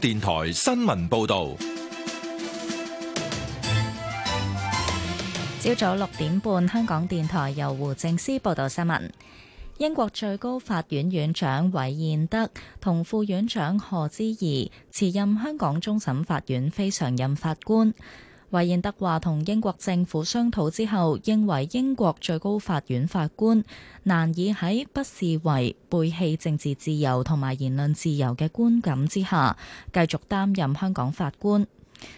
電台新聞報道，朝早六點半，香港電台由胡正思報道新聞。英國最高法院院長韋彥德同副院長賀知義辭任香港終審法院非常任法官。韋彥德話同英國政府商討之後，認為英國最高法院法官難以喺不視為背棄政治自由同埋言論自由嘅觀感之下，繼續擔任香港法官。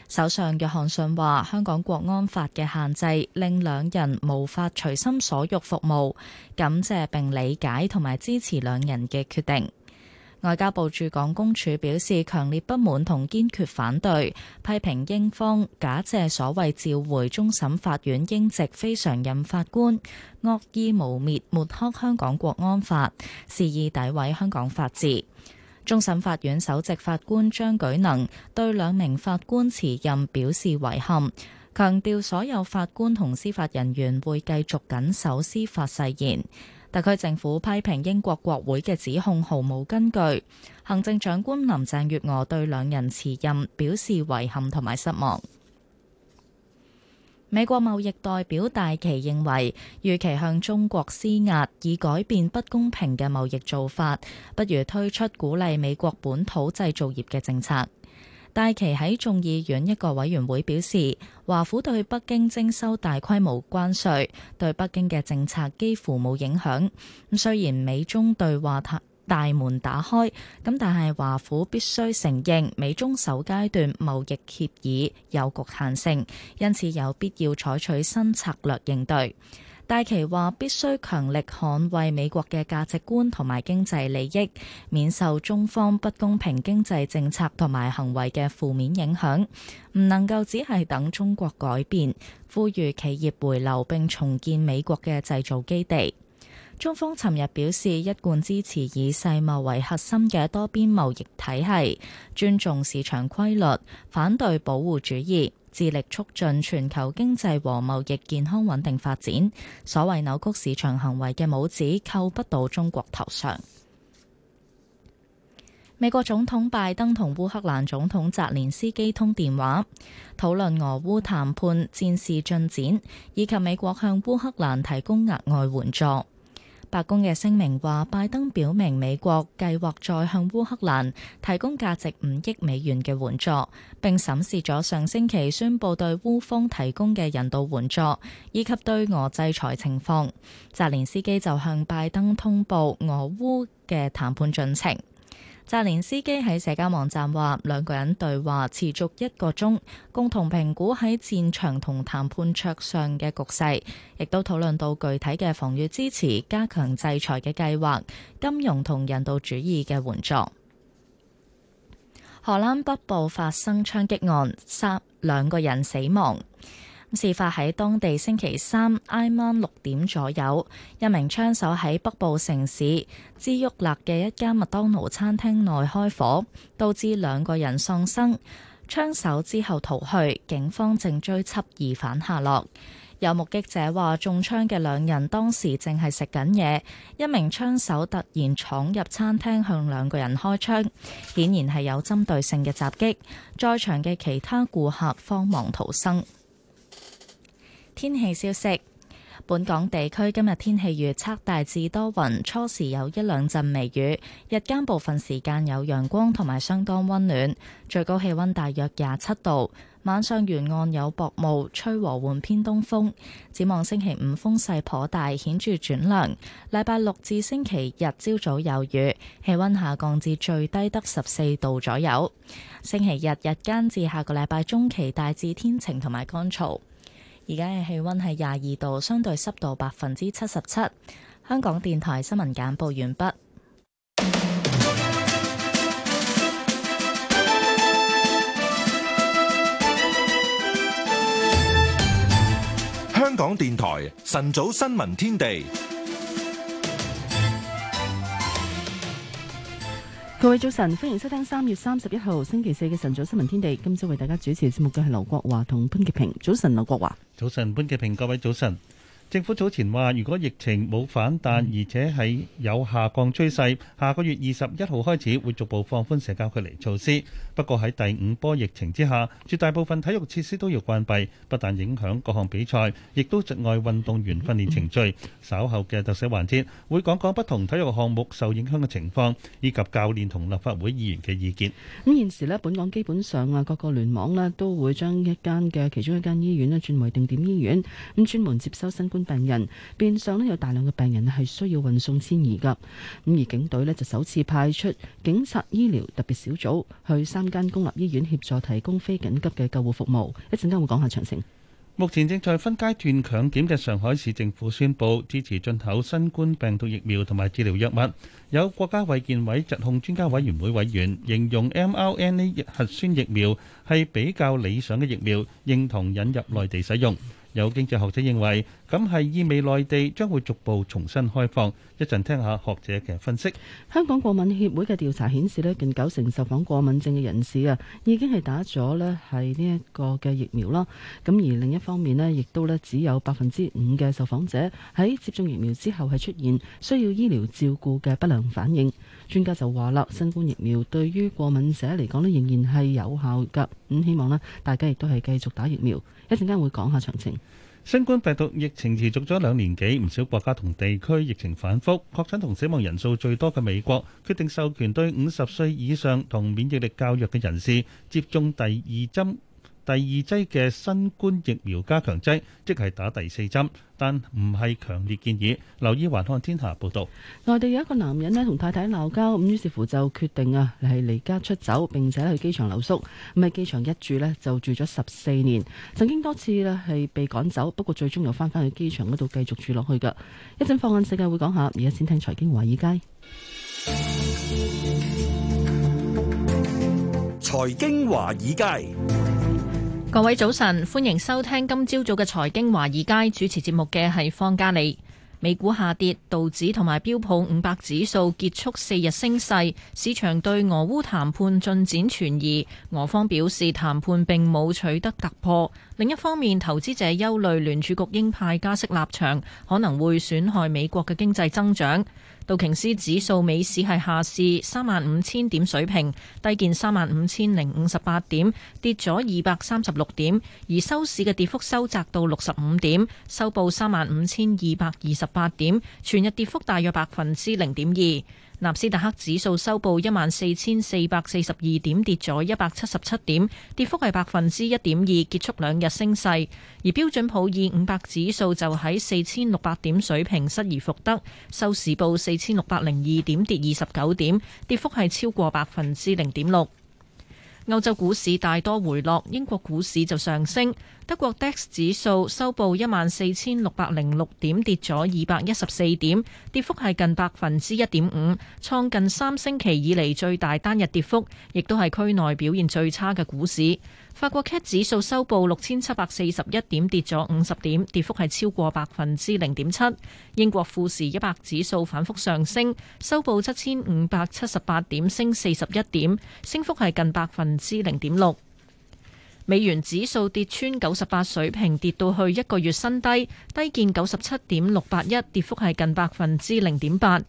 首相約翰遜話：香港國安法嘅限制令兩人無法隨心所欲服務，感謝並理解同埋支持兩人嘅決定。外交部駐港公署表示強烈不滿同堅決反對，批評英方假借所謂召回終審法院英籍非常任法官，惡意污蔑抹黑香港國安法，肆意詆毀香港法治。終審法院首席法官張舉能對兩名法官辭任表示遺憾，強調所有法官同司法人員會繼續緊守司法誓言。特區政府批評英國國會嘅指控毫無根據。行政長官林鄭月娥對兩人辭任表示遺憾同埋失望。美國貿易代表戴琪認為，與其向中國施壓以改變不公平嘅貿易做法，不如推出鼓勵美國本土製造業嘅政策。戴琦喺眾議院一個委員會表示，華府對北京徵收大規模關稅，對北京嘅政策幾乎冇影響。咁雖然美中對話大門打開，咁但係華府必須承認，美中首階段貿易協議有局限性，因此有必要採取新策略應對。戴琪話：必須強力捍衛美國嘅價值觀同埋經濟利益，免受中方不公平經濟政策同埋行為嘅負面影響，唔能夠只係等中國改變，呼籲企業回流並重建美國嘅製造基地。中方尋日表示，一貫支持以世貿為核心嘅多邊貿易體系，尊重市場規律，反對保護主義，致力促進全球經濟和貿易健康穩定發展。所謂扭曲市場行為嘅帽子扣不到中國頭上。美國總統拜登同烏克蘭總統澤連斯基通電話，討論俄烏談判戰事進展，以及美國向烏克蘭提供額外援助。白宮嘅聲明話，拜登表明美國計劃再向烏克蘭提供價值五億美元嘅援助，並審視咗上星期宣布對烏方提供嘅人道援助，以及對俄制裁情況。澤連斯基就向拜登通報俄烏嘅談判進程。澤連斯基喺社交網站話：兩個人對話持續一個鐘，共同評估喺戰場同談判桌上嘅局勢，亦都討論到具體嘅防禦支持、加強制裁嘅計劃、金融同人道主義嘅援助。荷蘭北部發生槍擊案，殺兩個人死亡。事發喺當地星期三挨晚六點左右，一名槍手喺北部城市支沃勒嘅一間麥當勞餐廳內開火，導致兩個人喪生。槍手之後逃去，警方正追緝疑犯下落。有目擊者話，中槍嘅兩人當時正係食緊嘢，一名槍手突然闖入餐廳向兩個人開槍，顯然係有針對性嘅襲擊。在場嘅其他顧客慌忙逃生。天氣消息：本港地區今日天氣預測大致多雲，初時有一兩陣微雨，日間部分時間有陽光同埋相當溫暖，最高氣溫大約廿七度。晚上沿岸有薄霧，吹和緩偏東風。展望星期五風勢頗大，顯著轉涼。禮拜六至星期日朝早有雨，氣溫下降至最低得十四度左右。星期日日間至下個禮拜中期大致天晴同埋乾燥。而家嘅氣温係廿二度，相對濕度百分之七十七。香港電台新聞簡報完畢。香港電台晨早新聞天地。各位早晨，歡迎收聽三月三十一號星期四嘅晨早新聞天地。今朝為大家主持節目嘅係劉國華同潘潔平。早晨，劉國華。早晨，潘潔平。各位早晨。政府早前話，如果疫情冇反彈，而且係有下降趨勢，下個月二十一號開始會逐步放寬社交距離措施。不過喺第五波疫情之下，絕大部分體育設施都要關閉，不但影響各項比賽，亦都窒礙運動員訓練程序。稍後嘅特寫環節會講講不同體育項目受影響嘅情況，以及教練同立法會議員嘅意見。咁現時咧，本港基本上啊，各個聯網咧都會將一間嘅其中一間醫院咧轉為定點醫院，咁專門接收新冠。病人變相咧有大量嘅病人係需要運送遷移噶，咁而警隊咧就首次派出警察醫療特別小組去三間公立醫院協助提供非緊急嘅救護服務。一陣間會講下詳情。目前正在分階段強檢嘅上海市政府宣布支持進口新冠病毒疫苗同埋治療藥物。有國家衛健委疾控專家委員會委員形容 mRNA 核酸疫苗係比較理想嘅疫苗，認同引入內地使用。有經濟學者認為，咁係意味內地將會逐步重新開放。一陣聽下學者嘅分析。香港過敏協會嘅調查顯示呢，近九成受訪過敏症嘅人士啊，已經係打咗呢係呢一個嘅疫苗啦。咁而另一方面呢，亦都呢只有百分之五嘅受訪者喺接種疫苗之後係出現需要醫療照顧嘅不良反應。專家就話啦，新冠疫苗對於過敏者嚟講呢，仍然係有效㗎。咁希望呢，大家亦都係繼續打疫苗。一陣間會講下詳情。新冠病毒疫情持續咗兩年幾，唔少國家同地區疫情反覆，確診同死亡人數最多嘅美國決定授權對五十歲以上同免疫力較弱嘅人士接種第二針。第二劑嘅新冠疫苗加強劑，即係打第四針，但唔係強烈建議。留意環看天下報道，內地有一個男人呢同太太鬧交，咁於是乎就決定啊係離家出走，並且去機場留宿。咁喺機場一住呢，就住咗十四年，曾經多次呢係被趕走，不過最終又翻翻去機場嗰度繼續住落去噶。一陣放眼世界會講下，而家先聽財經華爾街。財經華爾街。各位早晨，歡迎收聽今朝早嘅財經華爾街，主持節目嘅係方嘉莉。美股下跌，道指同埋標普五百指數結束四日升勢，市場對俄烏談判進展存疑。俄方表示談判並冇取得突破。另一方面，投資者憂慮聯儲局鷹派加息立場可能會損害美國嘅經濟增長。道瓊斯指數尾市係下市三萬五千點水平，低見三萬五千零五十八點，跌咗二百三十六點，而收市嘅跌幅收窄到六十五點，收報三萬五千二百二十八點，全日跌幅大約百分之零點二。納斯達克指數收報一萬四千四百四十二點，跌咗一百七十七點，跌幅係百分之一點二，結束兩日升勢。而標準普爾五百指數就喺四千六百點水平失而復得，收市報四千六百零二點，跌二十九點，跌幅係超過百分之零點六。歐洲股市大多回落，英國股市就上升。德國 DAX 指數收報一萬四千六百零六點，跌咗二百一十四點，跌幅係近百分之一點五，創近三星期以嚟最大單日跌幅，亦都係區內表現最差嘅股市。法國 CAC 指數收報六千七百四十一點，跌咗五十點，跌幅係超過百分之零點七。英國富時一百指數反覆上升，收報七千五百七十八點，升四十一點，升幅係近百分之零點六。美元指數跌穿九十八水平，跌到去一個月新低，低見九十七點六八一，跌幅係近百分之零點八。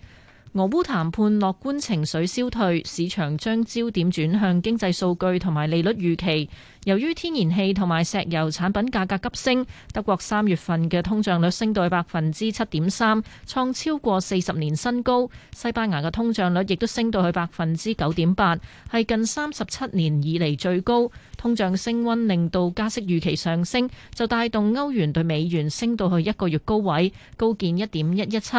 俄烏談判樂觀情緒消退，市場將焦點轉向經濟數據同埋利率預期。由於天然氣同埋石油產品價格急升，德國三月份嘅通脹率升到去百分之七點三，創超過四十年新高。西班牙嘅通脹率亦都升到去百分之九點八，係近三十七年以嚟最高。通脹升溫令到加息預期上升，就帶動歐元對美元升到去一個月高位，高見一點一一七。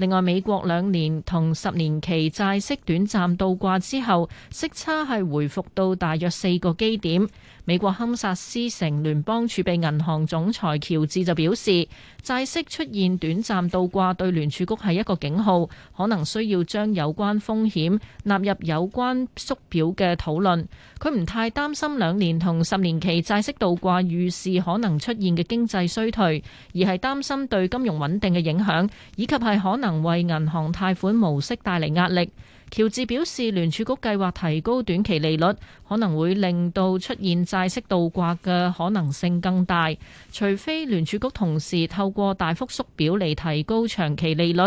另外，美國兩年同十年期債息短暫倒掛之後，息差係回復到大約四個基點。美國堪薩斯城聯邦儲備銀行總裁喬治就表示，債息出現短暫倒掛對聯儲局係一個警號，可能需要將有關風險納入有關縮表嘅討論。佢唔太擔心兩年同十年期債息倒掛預示可能出現嘅經濟衰退，而係擔心對金融穩定嘅影響，以及係可能為銀行貸款模式帶嚟壓力。喬治表示，聯儲局計劃提高短期利率，可能會令到出現債息倒掛嘅可能性更大，除非聯儲局同時透過大幅縮表嚟提高長期利率。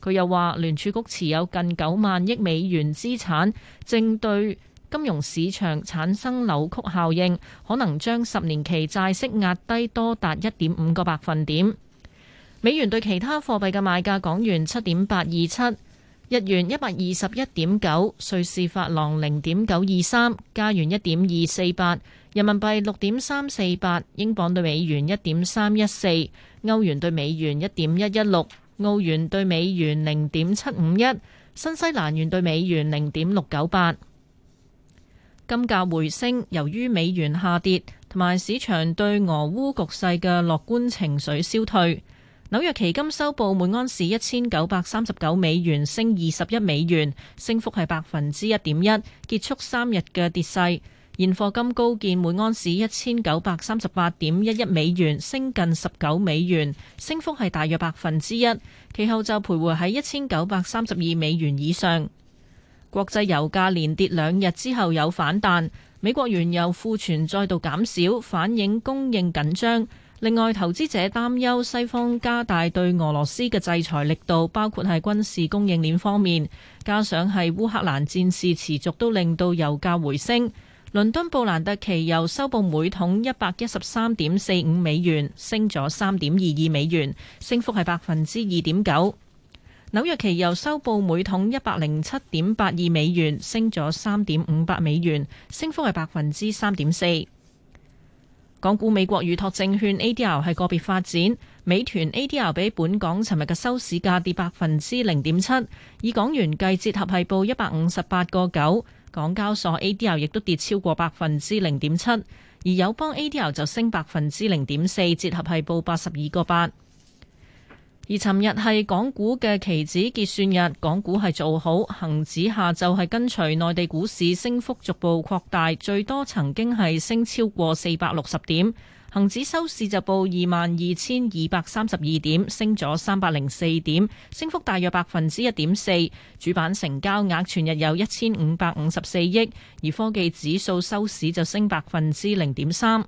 佢又話，聯儲局持有近九萬億美元資產，正對金融市場產生扭曲效應，可能將十年期債息壓低多達一點五個百分點，美元對其他貨幣嘅賣價港元七點八二七。日元一百二十一點九，瑞士法郎零點九二三，加元一點二四八，人民幣六點三四八，英鎊對美元一點三一四，歐元對美元一點一一六，澳元對美元零點七五一，新西蘭元對美元零點六九八。金價回升，由於美元下跌，同埋市場對俄烏局勢嘅樂觀情緒消退。紐約期金收報每安士一千九百三十九美元，升二十一美元，升幅係百分之一點一，結束三日嘅跌勢。現貨金高見每安士一千九百三十八點一一美元，升近十九美元，升幅係大約百分之一。其後就徘徊喺一千九百三十二美元以上。國際油價連跌兩日之後有反彈，美國原油庫存再度減少，反映供應緊張。另外，投資者擔憂西方加大對俄羅斯嘅制裁力度，包括係軍事供應鏈方面，加上係烏克蘭戰事持續都令到油價回升。倫敦布蘭特期油收報每桶一百一十三點四五美元，升咗三點二二美元，升幅係百分之二點九。紐約期油收報每桶一百零七點八二美元，升咗三點五八美元，升幅係百分之三點四。港股美國預託證券 ADR 係個別發展，美團 ADR 比本港尋日嘅收市價跌百分之零點七，以港元計，折合係報一百五十八個九。港交所 ADR 亦都跌超過百分之零點七，而友邦 ADR 就升百分之零點四，折合係報八十二個八。而尋日係港股嘅期指結算日，港股係做好，恒指下晝係跟隨內地股市升幅逐步擴大，最多曾經係升超過四百六十點。恒指收市就報二萬二千二百三十二點，升咗三百零四點，升幅大約百分之一點四。主板成交額全日有一千五百五十四億，而科技指數收市就升百分之零點三。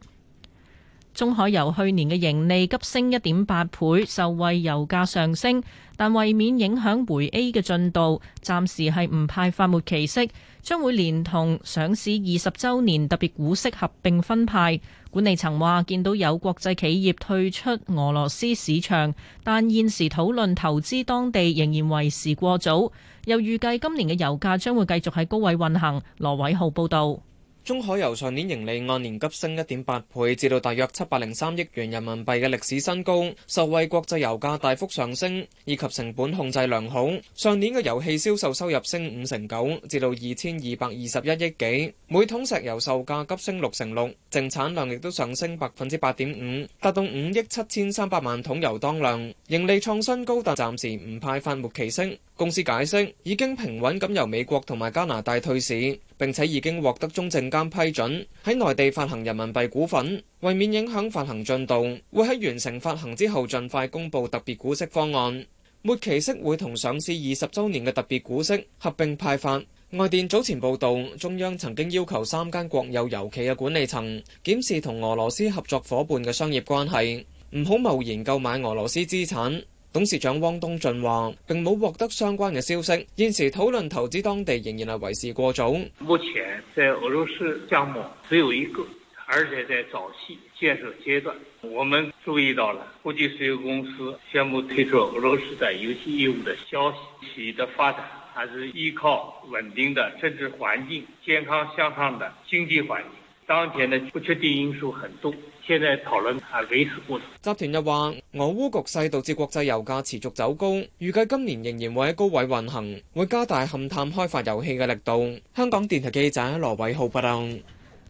中海油去年嘅盈利急升一點八倍，受惠油價上升，但為免影響回 A 嘅進度，暫時係唔派發末期息，將會連同上市二十周年特別股息合併分派。管理層話見到有國際企業退出俄羅斯市場，但現時討論投資當地仍然為時過早。又預計今年嘅油價將會繼續喺高位運行。羅偉浩報道。中海油上年盈利按年急升一點八倍，至到大約七百零三億元人民幣嘅歷史新高，受惠國際油價大幅上升以及成本控制良好。上年嘅油氣銷售收入升五成九，至到二千二百二十一億幾，每桶石油售價急升六成六，淨產量亦都上升百分之八點五，達到五億七千三百萬桶油當量，盈利創新高，但暫時唔派發末期息。公司解釋已經平穩咁由美國同埋加拿大退市。並且已經獲得中證監批准喺內地發行人民幣股份，為免影響發行進度，會喺完成發行之後盡快公佈特別股息方案。末期息會同上市二十週年嘅特別股息合併派發。外電早前報道，中央曾經要求三間國有油企嘅管理層檢視同俄羅斯合作夥伴嘅商業關係，唔好貿然購買俄羅斯資產。董事長汪東進話，並冇獲得相關嘅消息，現時討論投資當地仍然係為時過早。目前在俄羅斯項目只有一個，而且在早期建設階段，我們注意到了國際石油公司宣佈退出俄羅斯的油氣業務的消息。企業的發展還是依靠穩定的政治環境、健康向上的經濟環境。當前的不確定因素很多，現在討論還為時過早。集團又話，俄烏局勢導致國際油價持續走高，預計今年仍然會喺高位運行，會加大勘探開發油氣嘅力度。香港電台記者羅偉浩報道。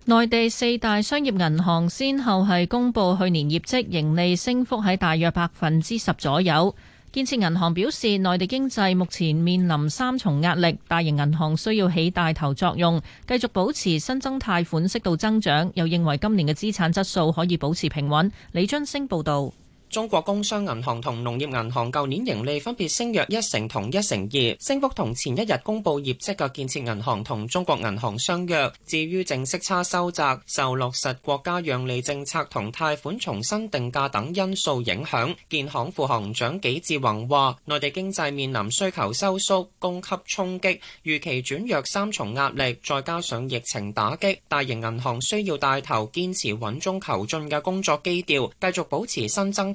內地四大商業銀行先後係公佈去年業績，盈利升幅喺大約百分之十左右。建設銀行表示，內地經濟目前面臨三重壓力，大型銀行需要起帶頭作用，繼續保持新增貸款適度增長。又認為今年嘅資產質素可以保持平穩。李津升報道。中國工商銀行同農業銀行舊年盈利分別升約一成同一成二，升幅同前一日公布業績嘅建設銀行同中國銀行相若。至於淨息差收窄，受落實國家讓利政策同貸款重新定價等因素影響。建行副行長紀志宏話：內地經濟面臨需求收縮、供給衝擊、預期轉弱三重壓力，再加上疫情打擊，大型銀行需要帶頭堅持穩中求進嘅工作基調，繼續保持新增。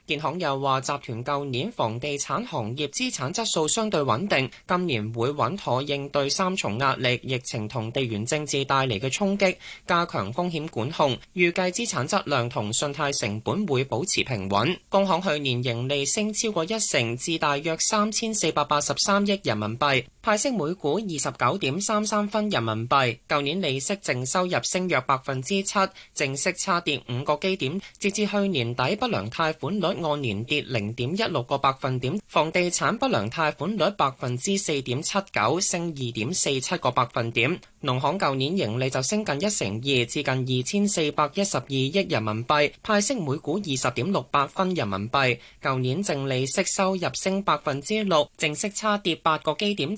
建行又話，集團舊年房地產行業資產質素相對穩定，今年會穩妥應對三重壓力，疫情同地緣政治帶嚟嘅衝擊，加強風險管控，預計資產質量同信貸成本會保持平穩。工行去年盈利升超過一成，至大約三千四百八十三億人民幣。派息每股二十九點三三分人民幣，舊年利息淨收入升約百分之七，淨息差跌五個基點。截至去年底，不良貸款率按年跌零點一六個百分點，房地產不良貸款率百分之四點七九，升二點四七個百分點。農行舊年盈利就升近一成二，至近二千四百一十二億人民幣，派息每股二十點六八分人民幣，舊年淨利息收入升百分之六，淨息差跌八個基點。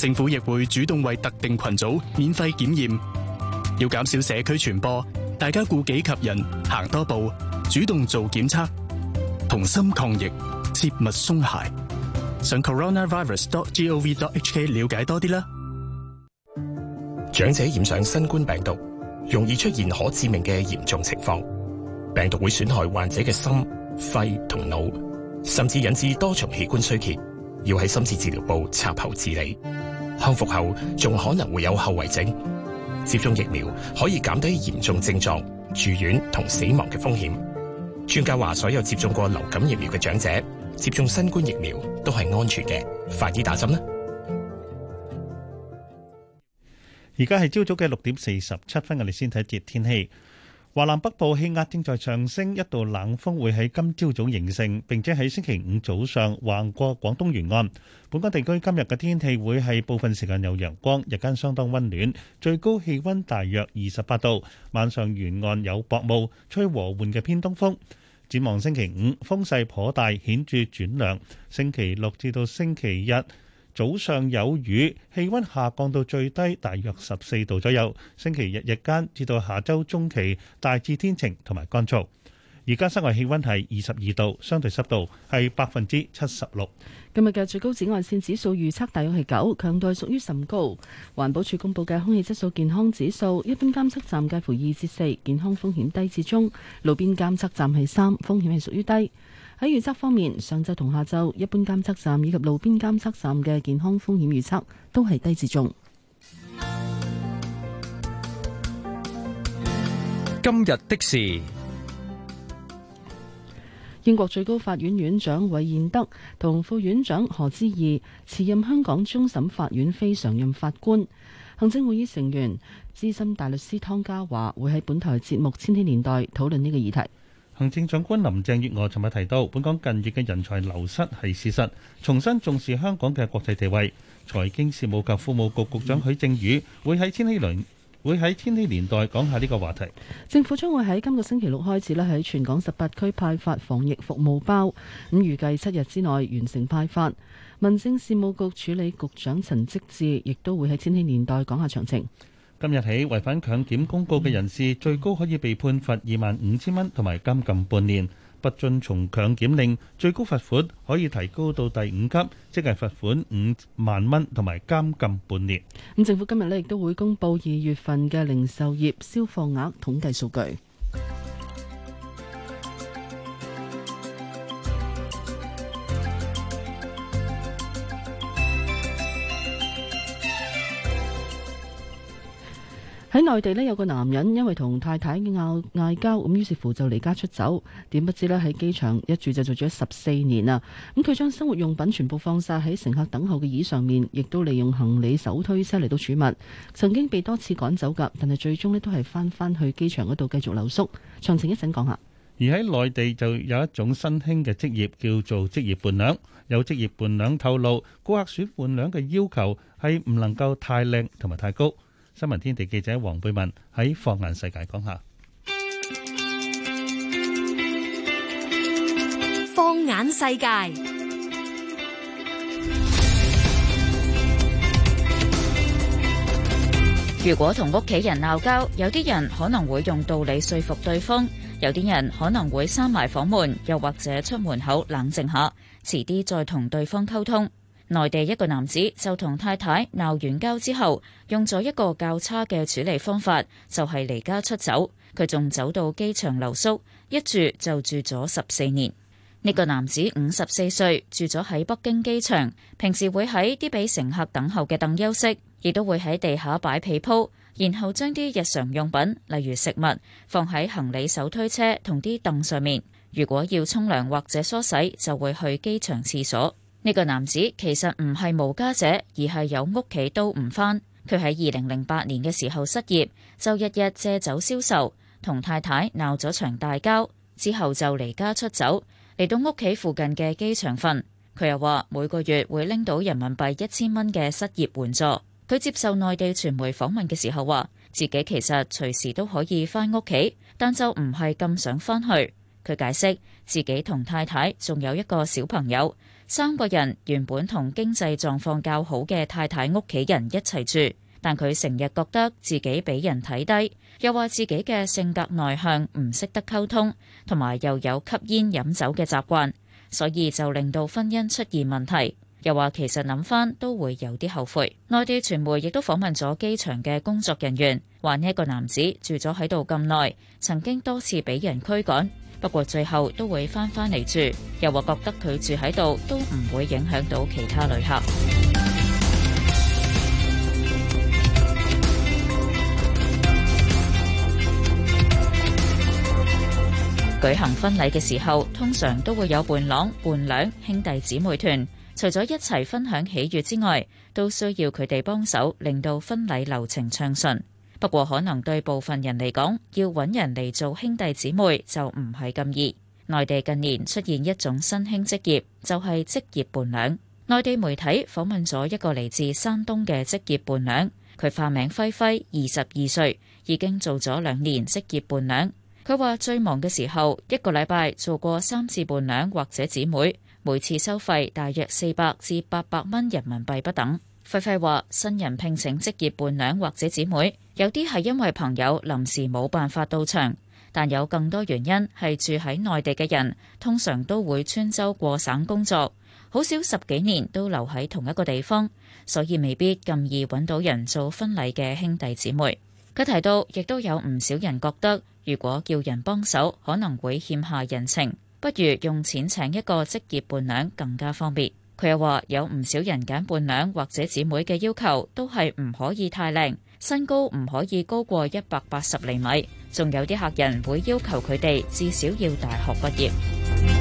政府亦會主動為特定群組免費檢驗，要減少社區傳播，大家顧己及人，行多步，主動做檢測，同心抗疫，切勿鬆懈。上 coronavirus.gov.hk 了解多啲啦。長者染上新冠病毒，容易出現可致命嘅嚴重情況，病毒會損害患者嘅心、肺同腦，甚至引致多重器官衰竭，要喺深切治療部插喉治理。康復後仲可能會有後遺症，接種疫苗可以減低嚴重症狀、住院同死亡嘅風險。專家話，所有接種過流感疫苗嘅長者接種新冠疫苗都係安全嘅。快啲打針啦！而家係朝早嘅六點四十七分，我哋先睇一節天氣。華南北部氣壓正在上升，一道冷鋒會喺今朝早形成，並且喺星期五早上橫過廣東沿岸。本港地區今日嘅天氣會係部分時間有陽光，日間相當溫暖，最高氣溫大約二十八度。晚上沿岸有薄霧，吹和緩嘅偏東風。展望星期五，風勢頗大，顯著轉涼。星期六至到星期日，早上有雨，氣溫下降到最低，大約十四度左右。星期日日間至到下周中期，大致天晴同埋乾燥。而家室外氣溫係二十二度，相對濕度係百分之七十六。今日嘅最高紫外線指數預測大約係九，強度屬於甚高。環保署公布嘅空氣質素健康指數，一般監測站介乎二至四，健康風險低至中；路邊監測站係三，風險係屬於低。喺預測方面，上晝同下晝一般監測站以及路邊監測站嘅健康風險預測都係低至中。今日的事，英國最高法院院長韋彥德同副院長何之義辭任香港終審法院非常任法官，行政會議成員資深大律師湯家驊會喺本台節目《千禧年代》討論呢個議題。行政長官林鄭月娥尋日提到，本港近月嘅人才流失係事實，重新重視香港嘅國際地位。財經事務及庫務局,局局長許正宇會喺千禧年會喺千禧年代講下呢個話題。政府將會喺今個星期六開始咧喺全港十八區派發防疫服務包，咁預計七日之內完成派發。民政事務局處理局長陳積志亦都會喺千禧年代講下詳情。今日起，違反強檢公告嘅人士，最高可以被判罰二萬五千蚊，同埋監禁半年；不遵從強檢令，最高罰款可以提高到第五級，即係罰款五萬蚊，同埋監禁半年。咁、嗯、政府今日呢亦都會公布二月份嘅零售業銷貨額統計數據。內地呢，有個男人，因為同太太嘅嗌交，咁於是乎就離家出走。點不知呢，喺機場一住就做咗十四年啦。咁佢將生活用品全部放晒喺乘客等候嘅椅上面，亦都利用行李手推車嚟到儲物。曾經被多次趕走噶，但係最終呢，都係翻翻去機場嗰度繼續留宿。詳情一陣講下。而喺內地就有一種新興嘅職業叫做職業伴娘。有職業伴娘透露，顧客選伴娘嘅要求係唔能夠太靚同埋太高。新聞天地記者黃貝文喺放眼世界講下。放眼世界。如果同屋企人鬧交，有啲人可能會用道理說服對方，有啲人可能會閂埋房門，又或者出門口冷靜下，遲啲再同對方溝通。內地一個男子就同太太鬧完交之後，用咗一個較差嘅處理方法，就係離家出走。佢仲走到機場留宿，一住就住咗十四年。呢個男子五十四歲，住咗喺北京機場，平時會喺啲俾乘客等候嘅凳休息，亦都會喺地下擺被鋪，然後將啲日常用品例如食物放喺行李手推車同啲凳上面。如果要沖涼或者梳洗，就會去機場廁所。呢個男子其實唔係無家者，而係有屋企都唔返。佢喺二零零八年嘅時候失業，就日日借酒消愁，同太太鬧咗場大交，之後就離家出走，嚟到屋企附近嘅機場瞓。佢又話每個月會拎到人民幣一千蚊嘅失業援助。佢接受內地傳媒訪問嘅時候話，自己其實隨時都可以返屋企，但就唔係咁想返去。佢解釋自己同太太仲有一個小朋友。三個人原本同經濟狀況較好嘅太太屋企人一齊住，但佢成日覺得自己俾人睇低，又話自己嘅性格內向，唔識得溝通，同埋又有吸煙飲酒嘅習慣，所以就令到婚姻出現問題。又話其實諗返都會有啲後悔。內地傳媒亦都訪問咗機場嘅工作人員，話呢個男子住咗喺度咁耐，曾經多次俾人驅趕。不過最後都會翻返嚟住，又話覺得佢住喺度都唔會影響到其他旅客。 舉行婚禮嘅時候，通常都會有伴郎、伴娘、兄弟姊妹團，除咗一齊分享喜悅之外，都需要佢哋幫手，令到婚禮流程暢順。不過，可能對部分人嚟講，要揾人嚟做兄弟姊妹就唔係咁易。內地近年出現一種新興職業，就係職業伴娘。內地媒體訪問咗一個嚟自山東嘅職業伴娘，佢化名輝輝，二十二歲，已經做咗兩年職業伴娘。佢話最忙嘅時候，一個禮拜做過三次伴娘或者姊妹，每次收費大約四百至八百蚊人民幣不等。費費話：新人聘請職業伴娘或者姊妹，有啲係因為朋友臨時冇辦法到場，但有更多原因係住喺內地嘅人通常都會穿州過省工作，好少十幾年都留喺同一個地方，所以未必咁易揾到人做婚禮嘅兄弟姊妹。佢提到，亦都有唔少人覺得，如果叫人幫手，可能會欠下人情，不如用錢請一個職業伴娘更加方便。佢又話：有唔少人揀伴娘或者姊妹嘅要求，都係唔可以太靚，身高唔可以高過一百八十厘米，仲有啲客人會要求佢哋至少要大學畢業。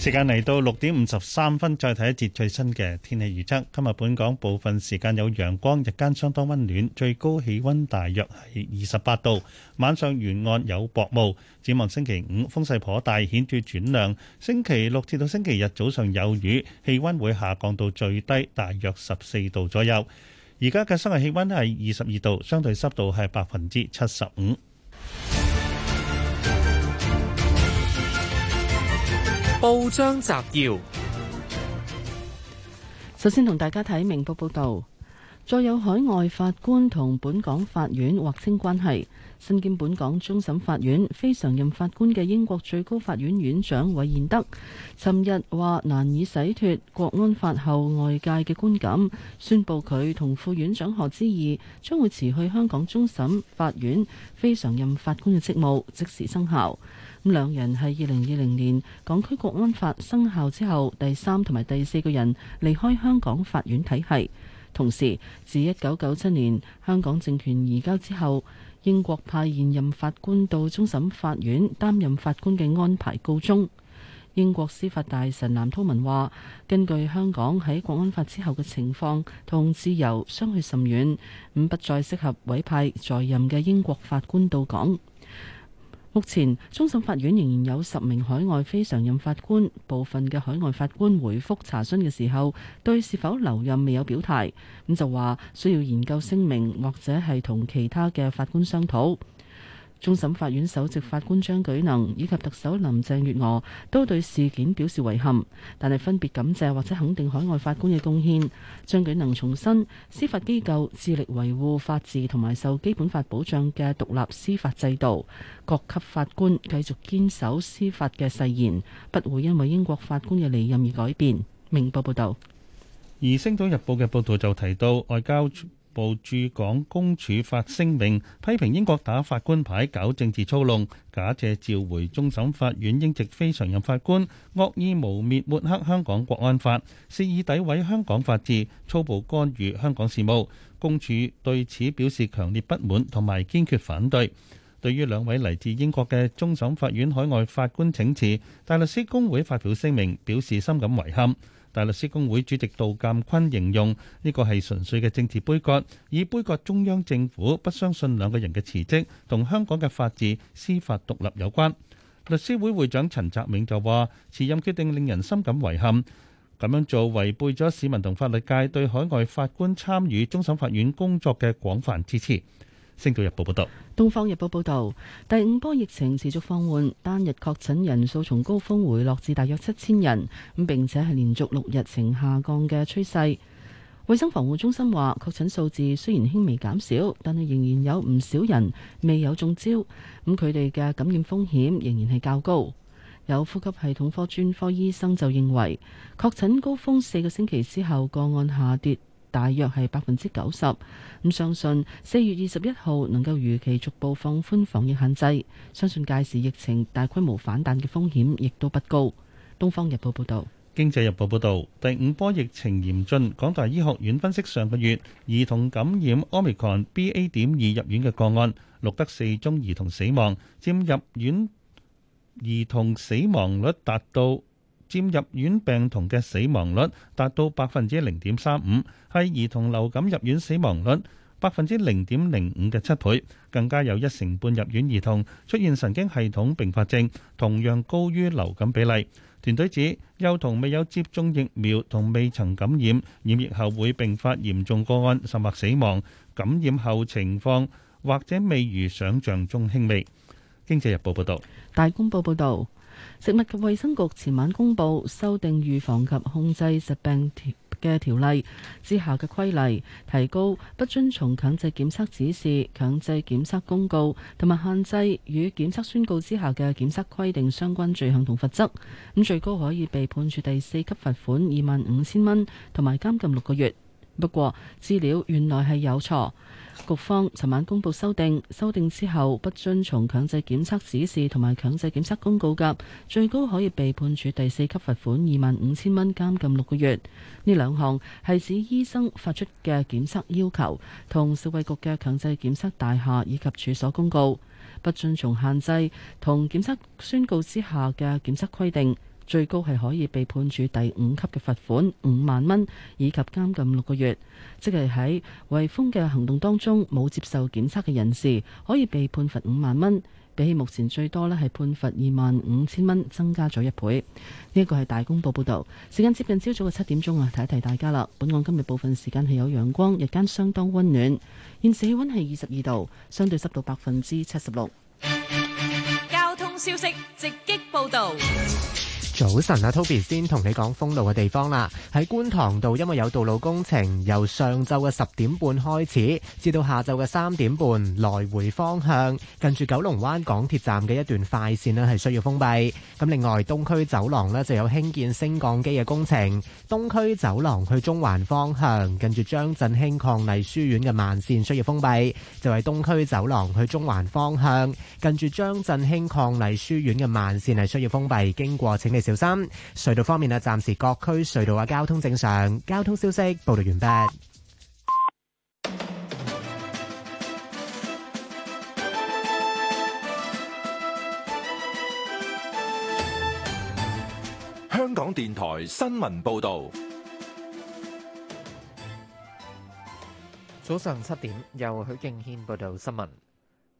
時間嚟到六點五十三分，再睇一節最新嘅天氣預測。今日本港部分時間有陽光，日間相當溫暖，最高氣溫大約係二十八度。晚上沿岸有薄霧，展望星期五風勢頗大，顯著轉涼。星期六至到星期日早上有雨，氣溫會下降到最低大約十四度左右。而家嘅室外氣溫係二十二度，相對濕度係百分之七十五。報章摘要：首先同大家睇明報報道，再有海外法官同本港法院劃清關係。身兼本港終審法院非常任法官嘅英國最高法院院長韋彥德，尋日話難以洗脫國安法後外界嘅觀感，宣布佢同副院長賀知義將會辭去香港終審法院非常任法官嘅職務，即時生效。咁兩人係二零二零年港區國安法生效之後，第三同埋第四個人離開香港法院體系，同時自一九九七年香港政權移交之後，英國派現任法官到終審法院擔任法官嘅安排告終。英國司法大臣藍韜文話，根據香港喺國安法之後嘅情況同自由相去甚遠，咁不再適合委派在任嘅英國法官到港。目前，終審法院仍然有十名海外非常任法官，部分嘅海外法官回覆查詢嘅時候，對是否留任未有表態，咁就話需要研究聲明或者係同其他嘅法官商討。終審法院首席法官張舉能以及特首林鄭月娥都對事件表示遺憾，但係分別感謝或者肯定海外法官嘅貢獻。張舉能重申，司法機構致力維護法治同埋受基本法保障嘅獨立司法制度，各級法官繼續堅守司法嘅誓言，不會因為英國法官嘅離任而改變。明報報道。而《星島日報》嘅報道就提到外交。部駐港公署發聲明，批評英國打法官牌搞政治操弄，假借召回終審法院英籍非常任法官，惡意污蔑抹黑香港國安法，肆意詆毀香港法治，粗暴干預香港事務。公署對此表示強烈不滿同埋堅決反對。對於兩位嚟自英國嘅終審法院海外法官請辭，大律師公會發表聲明，表示深感遺憾。大律師公會主席杜鑑坤形容呢個係純粹嘅政治杯葛，以杯葛中央政府，不相信兩個人嘅辭職同香港嘅法治、司法獨立有關。律師會會長陳澤銘就話：辭任決定令人深感遺憾，咁樣做違背咗市民同法律界對海外法官參與終審法院工作嘅廣泛支持。星島日報報道。《東方日報》報道，第五波疫情持續放緩，單日確診人數從高峰回落至大約七千人，咁並且係連續六日呈下降嘅趨勢。衛生防護中心話，確診數字雖然輕微減少，但係仍然有唔少人未有中招，咁佢哋嘅感染風險仍然係較高。有呼吸系統科專科醫生就認為，確診高峰四個星期之後，個案下跌。大約係百分之九十咁，相信四月二十一號能夠如期逐步放寬防疫限制，相信屆時疫情大規模反彈嘅風險亦都不高。《東方日報》報導。《經濟日報》報導，第五波疫情嚴峻，港大醫學院分析上個月兒童感染 Omicron BA 點二入院嘅個案，錄得四宗兒童死亡，佔入院兒童死亡率達到佔入院病童嘅死亡率達到百分之零點三五，係兒童流感入院死亡率百分之零點零五嘅七倍，更加有一成半入院兒童出現神經系統併發症，同樣高於流感比例。團隊指幼童未有接種疫苗同未曾感染，染疫後會併發嚴重個案甚或死亡，感染後情況或者未如想像中輕微。經濟日報報道。大公報報導。食物及衛生局前晚公布修訂預防及控制疾病嘅條例之下嘅規例，提高不遵從強制檢測指示、強制檢測公告同埋限制與檢測宣告之下嘅檢測規定相關罪行同罰則，咁最高可以被判處第四級罰款二萬五千蚊同埋監禁六個月。不過資料原來係有錯，局方尋晚公布修訂，修訂之後不遵從強制檢測指示同埋強制檢測公告嘅，最高可以被判處第四級罰款二萬五千蚊、監禁六個月。呢兩項係指醫生發出嘅檢測要求同食衞局嘅強制檢測大廈以及處所公告，不遵從限制同檢測宣告之下嘅檢測規定。最高係可以被判處第五級嘅罰款五萬蚊，以及監禁六個月。即係喺圍封嘅行動當中冇接受檢測嘅人士，可以被判罰五萬蚊，比起目前最多呢係判罰二萬五千蚊，增加咗一倍。呢、這、一個係大公報報導。時間接近朝早嘅七點鐘啊，提一提大家啦。本港今日部分時間係有陽光，日間相當温暖。現時氣温係二十二度，相對濕度百分之七十六。交通消息直擊報導。早晨啊，Toby 先同你講封路嘅地方啦。喺觀塘道，因為有道路工程，由上晝嘅十點半開始，至到下晝嘅三點半，來回方向近住九龍灣港鐵站嘅一段快線咧係需要封閉。咁另外東區走廊咧就有興建升降機嘅工程。東區走廊去中環方向，近住張振興伉儷書院嘅慢線需要封閉，就係、是、東區走廊去中環方向，近住張振興伉儷書院嘅慢線係需要封閉，經過請你。小心隧道方面啊，暫時各區隧道嘅交通正常。交通消息報道完畢。香港電台新聞報道。早上七點，由許敬軒報道新聞。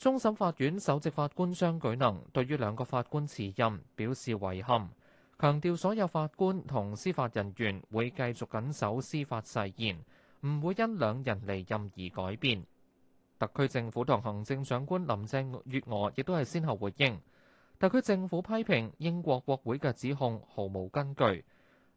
終審法院首席法官張舉能對於兩個法官辭任表示遺憾，強調所有法官同司法人員會繼續緊守司法誓言，唔會因兩人離任而改變。特區政府同行政長官林鄭月娥亦都係先後回應，特區政府批評英國國會嘅指控毫無根據。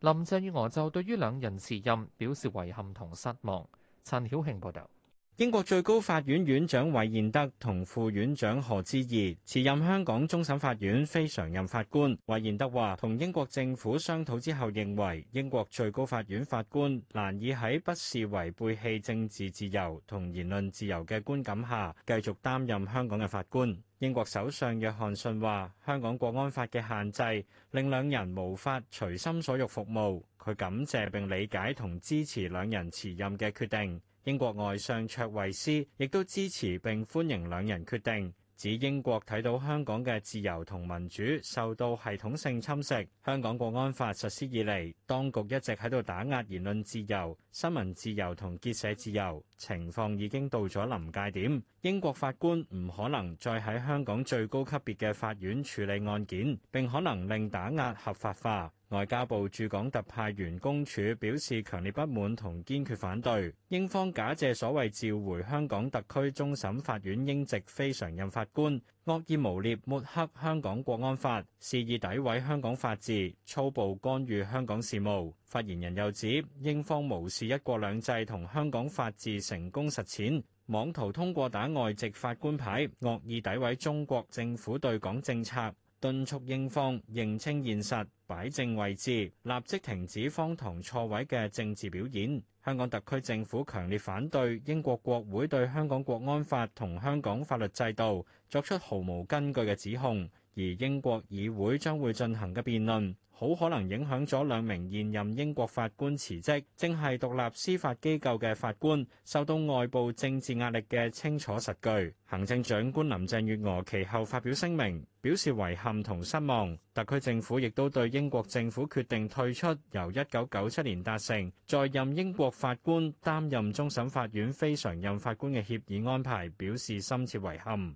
林鄭月娥就對於兩人辭任表示遺憾同失望。陳曉慶報道。英國最高法院院長韋賢德同副院長何之義辭任香港終審法院非常任法官。韋賢德話：同英國政府商討之後，認為英國最高法院法官難以喺不視違背棄政治自由同言論自由嘅觀感下繼續擔任香港嘅法官。英國首相約翰遜話：香港國安法嘅限制令兩人無法隨心所欲服務，佢感謝並理解同支持兩人辭任嘅決定。英國外相卓慧思亦都支持並歡迎兩人決定，指英國睇到香港嘅自由同民主受到系統性侵蝕，香港國安法實施以嚟，當局一直喺度打壓言論自由、新聞自由同結社自由，情況已經到咗臨界點。英國法官唔可能再喺香港最高級別嘅法院處理案件，並可能令打壓合法化。外交部駐港特派員公署表示強烈不滿同堅決反對，英方假借所謂召回香港特區終審法院英籍非常任法官，惡意污衊抹黑香港國安法，肆意詆毀香港法治，粗暴干預香港事務。發言人又指，英方無視一國兩制同香港法治成功實踐，妄圖通過打外籍法官牌，惡意詆毀中國政府對港政策，敦促英方認清現實。擺正位置，立即停止荒唐錯位嘅政治表演。香港特區政府強烈反對英國國會對香港國安法同香港法律制度作出毫無根據嘅指控。而英國議會將會進行嘅辯論，好可能影響咗兩名現任英國法官辭職，正係獨立司法機構嘅法官受到外部政治壓力嘅清楚實據。行政長官林鄭月娥其後發表聲明，表示遺憾同失望。特區政府亦都對英國政府決定退出由一九九七年達成在任英國法官擔任終審法院非常任法官嘅協議安排表示深切遺憾。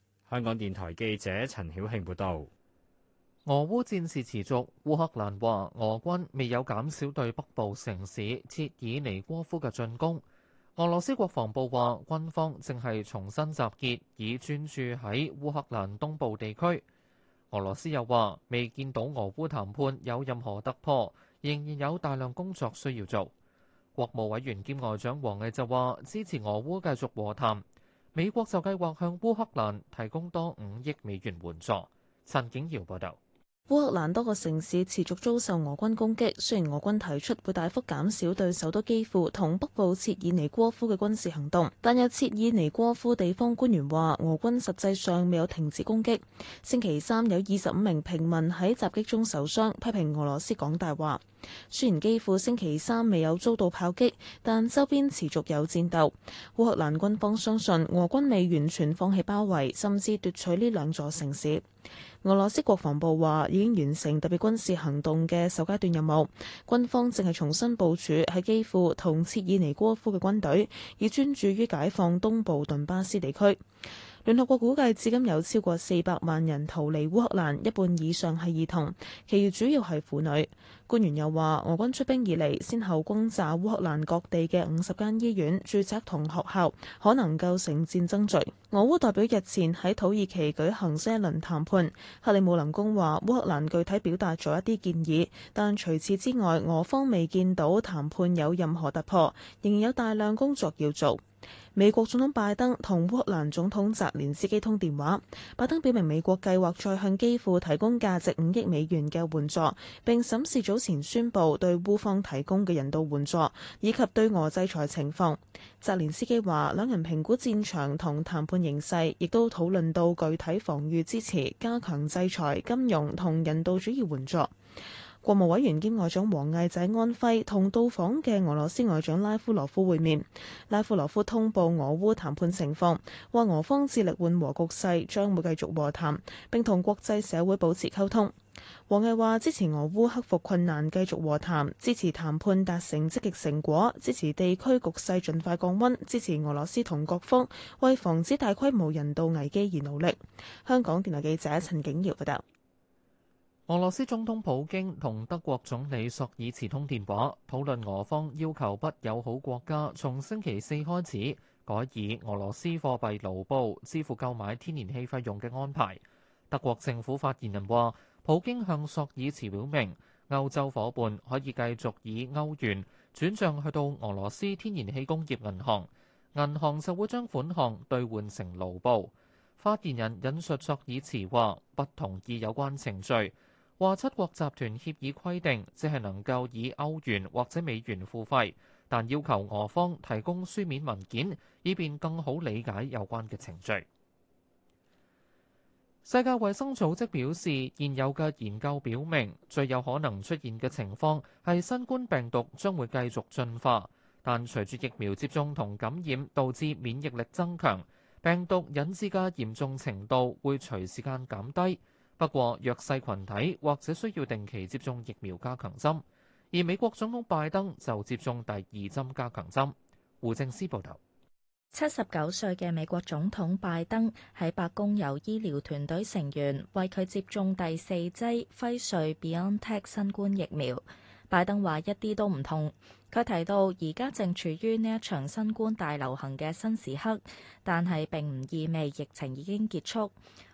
香港電台記者陳曉慶報道：俄烏戰事持續，烏克蘭話俄軍未有減少對北部城市切爾尼戈夫嘅進攻。俄羅斯國防部話，軍方正係重新集結，以專注喺烏克蘭東部地區。俄羅斯又話，未見到俄烏談判有任何突破，仍然有大量工作需要做。國務委員兼外長王毅就話，支持俄烏繼續和談。美國就計劃向烏克蘭提供多五億美元援助。陳景瑤報道。烏克蘭多個城市持續遭受俄軍攻擊，雖然俄軍提出會大幅減少對首都基輔同北部切爾尼戈夫嘅軍事行動，但有切爾尼戈夫地方官員話，俄軍實際上未有停止攻擊。星期三有二十五名平民喺襲擊中受傷，批評俄羅斯講大話。雖然基輔星期三未有遭到炮擊，但周邊持續有戰鬥。烏克蘭軍方相信俄軍未完全放棄包圍，甚至奪取呢兩座城市。俄羅斯國防部話已經完成特別軍事行動嘅首階段任務，軍方正係重新部署喺基輔同切爾尼戈夫嘅軍隊，以專注於解放東部頓巴斯地區。聯合國估計，至今有超過四百萬人逃離烏克蘭，一半以上係兒童，其餘主要係婦女。官員又話，俄軍出兵以嚟，先後轟炸烏克蘭各地嘅五十間醫院、住宅同學校，可能構成戰爭罪。俄烏代表日前喺土耳其舉行新一輪談判，克里姆林宮話，烏克蘭具體表達咗一啲建議，但除此之外，俄方未見到談判有任何突破，仍然有大量工作要做。美國總統拜登同烏克蘭總統澤連斯基通電話，拜登表明美國計劃再向基輔提供價值五億美元嘅援助，並審視早前宣布對烏方提供嘅人道援助以及對俄制裁情況。澤連斯基話，兩人評估戰場同談判形勢，亦都討論到具體防御支持、加強制裁、金融同人道主義援助。國務委員兼外長王毅喺安徽同到訪嘅俄羅斯外長拉夫羅夫會面，拉夫羅夫通報俄烏談判情況，話俄方致力緩和局勢，將會繼續和談，並同國際社會保持溝通。王毅話支持俄烏克服困難，繼續和談，支持談判達成積極成果，支持地區局勢盡快降温，支持俄羅斯同各方為防止大規模人道危機而努力。香港電台記者陳景堯報道。俄羅斯總統普京同德國總理索爾茨通電話，討論俄方要求不友好國家從星期四開始改以俄羅斯貨幣盧布支付購買天然氣費用嘅安排。德國政府發言人話，普京向索爾茨表明，歐洲夥伴可以繼續以歐元轉賬去到俄羅斯天然氣工業銀行，銀行就會將款項兌換成盧布。發言人引述索爾茨話，不同意有關程序。話七國集團協議規定，只係能夠以歐元或者美元付費，但要求俄方提供書面文件，以便更好理解有關嘅程序。世界衛生組織表示，現有嘅研究表明，最有可能出現嘅情況係新冠病毒將會繼續進化，但隨住疫苗接種同感染導致免疫力增強，病毒引致嘅嚴重程度會隨時間減低。不過，弱勢群體或者需要定期接種疫苗加強針，而美國總統拜登就接種第二針加強針。胡正思報道，七十九歲嘅美國總統拜登喺白宮由醫療團隊成員為佢接種第四劑輝瑞 BioNTech 新冠疫苗。拜登話一啲都唔痛。佢提到而家正處於呢一場新冠大流行嘅新時刻，但係並唔意味疫情已經結束。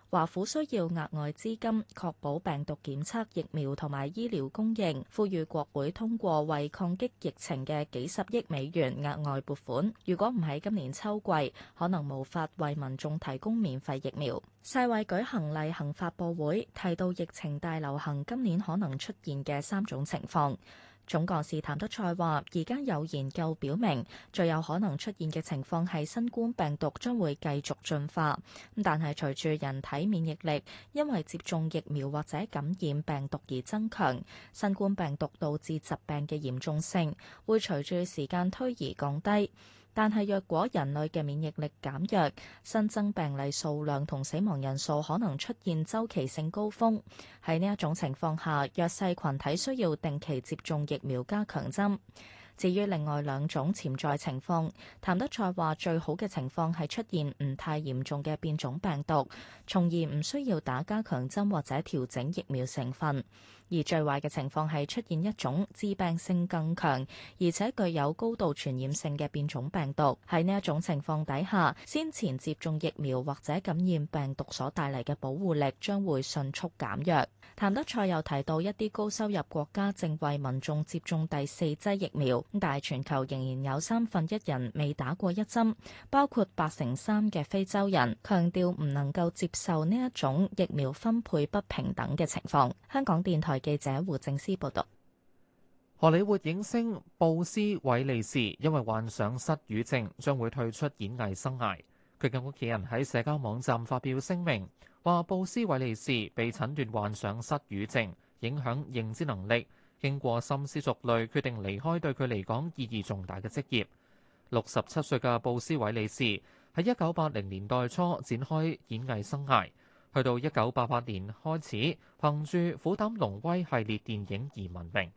華府需要額外資金確保病毒檢測、疫苗同埋醫療供應，呼籲國會通過為抗擊疫情嘅幾十億美元額外撥款。如果唔喺今年秋季，可能無法為民眾提供免費疫苗。世衛舉行例行發佈會，提到疫情大流行今年可能出現嘅三種情況。總幹事譚德塞話，而家有研究表明，最有可能出現嘅情況係新冠病毒將會繼續進化。但係隨住人體免疫力因為接種疫苗或者感染病毒而增強，新冠病毒導致疾病嘅嚴重性會隨住時間推移降低。但係，若果人類嘅免疫力減弱，新增病例數量同死亡人數可能出現周期性高峰。喺呢一種情況下，弱勢群體需要定期接種疫苗加強針。至於另外兩種潛在情況，譚德塞話最好嘅情況係出現唔太嚴重嘅變種病毒，從而唔需要打加強針或者調整疫苗成分。而最壞嘅情況，係出現一種致病性更強而且具有高度傳染性嘅變種病毒。喺呢一種情況底下，先前接種疫苗或者感染病毒所帶嚟嘅保護力將會迅速減弱。譚德塞又提到，一啲高收入國家正為民眾接種第四劑疫苗，但係全球仍然有三分一人未打過一針，包括八成三嘅非洲人。強調唔能夠接受呢一種疫苗分配不平等嘅情況。香港電台。記者胡正思報道，荷里活影星布斯韋利士因為患上失語症，將會退出演藝生涯。佢嘅屋企人喺社交網站發表聲明，話布斯韋利士被診斷患上失語症，影響認知能力。經過深思熟慮，決定離開對佢嚟講意義重大嘅職業。六十七歲嘅布斯韋利士喺一九八零年代初展開演藝生涯。去到一九八八年開始，憑住《虎膽龍威》系列電影而聞名。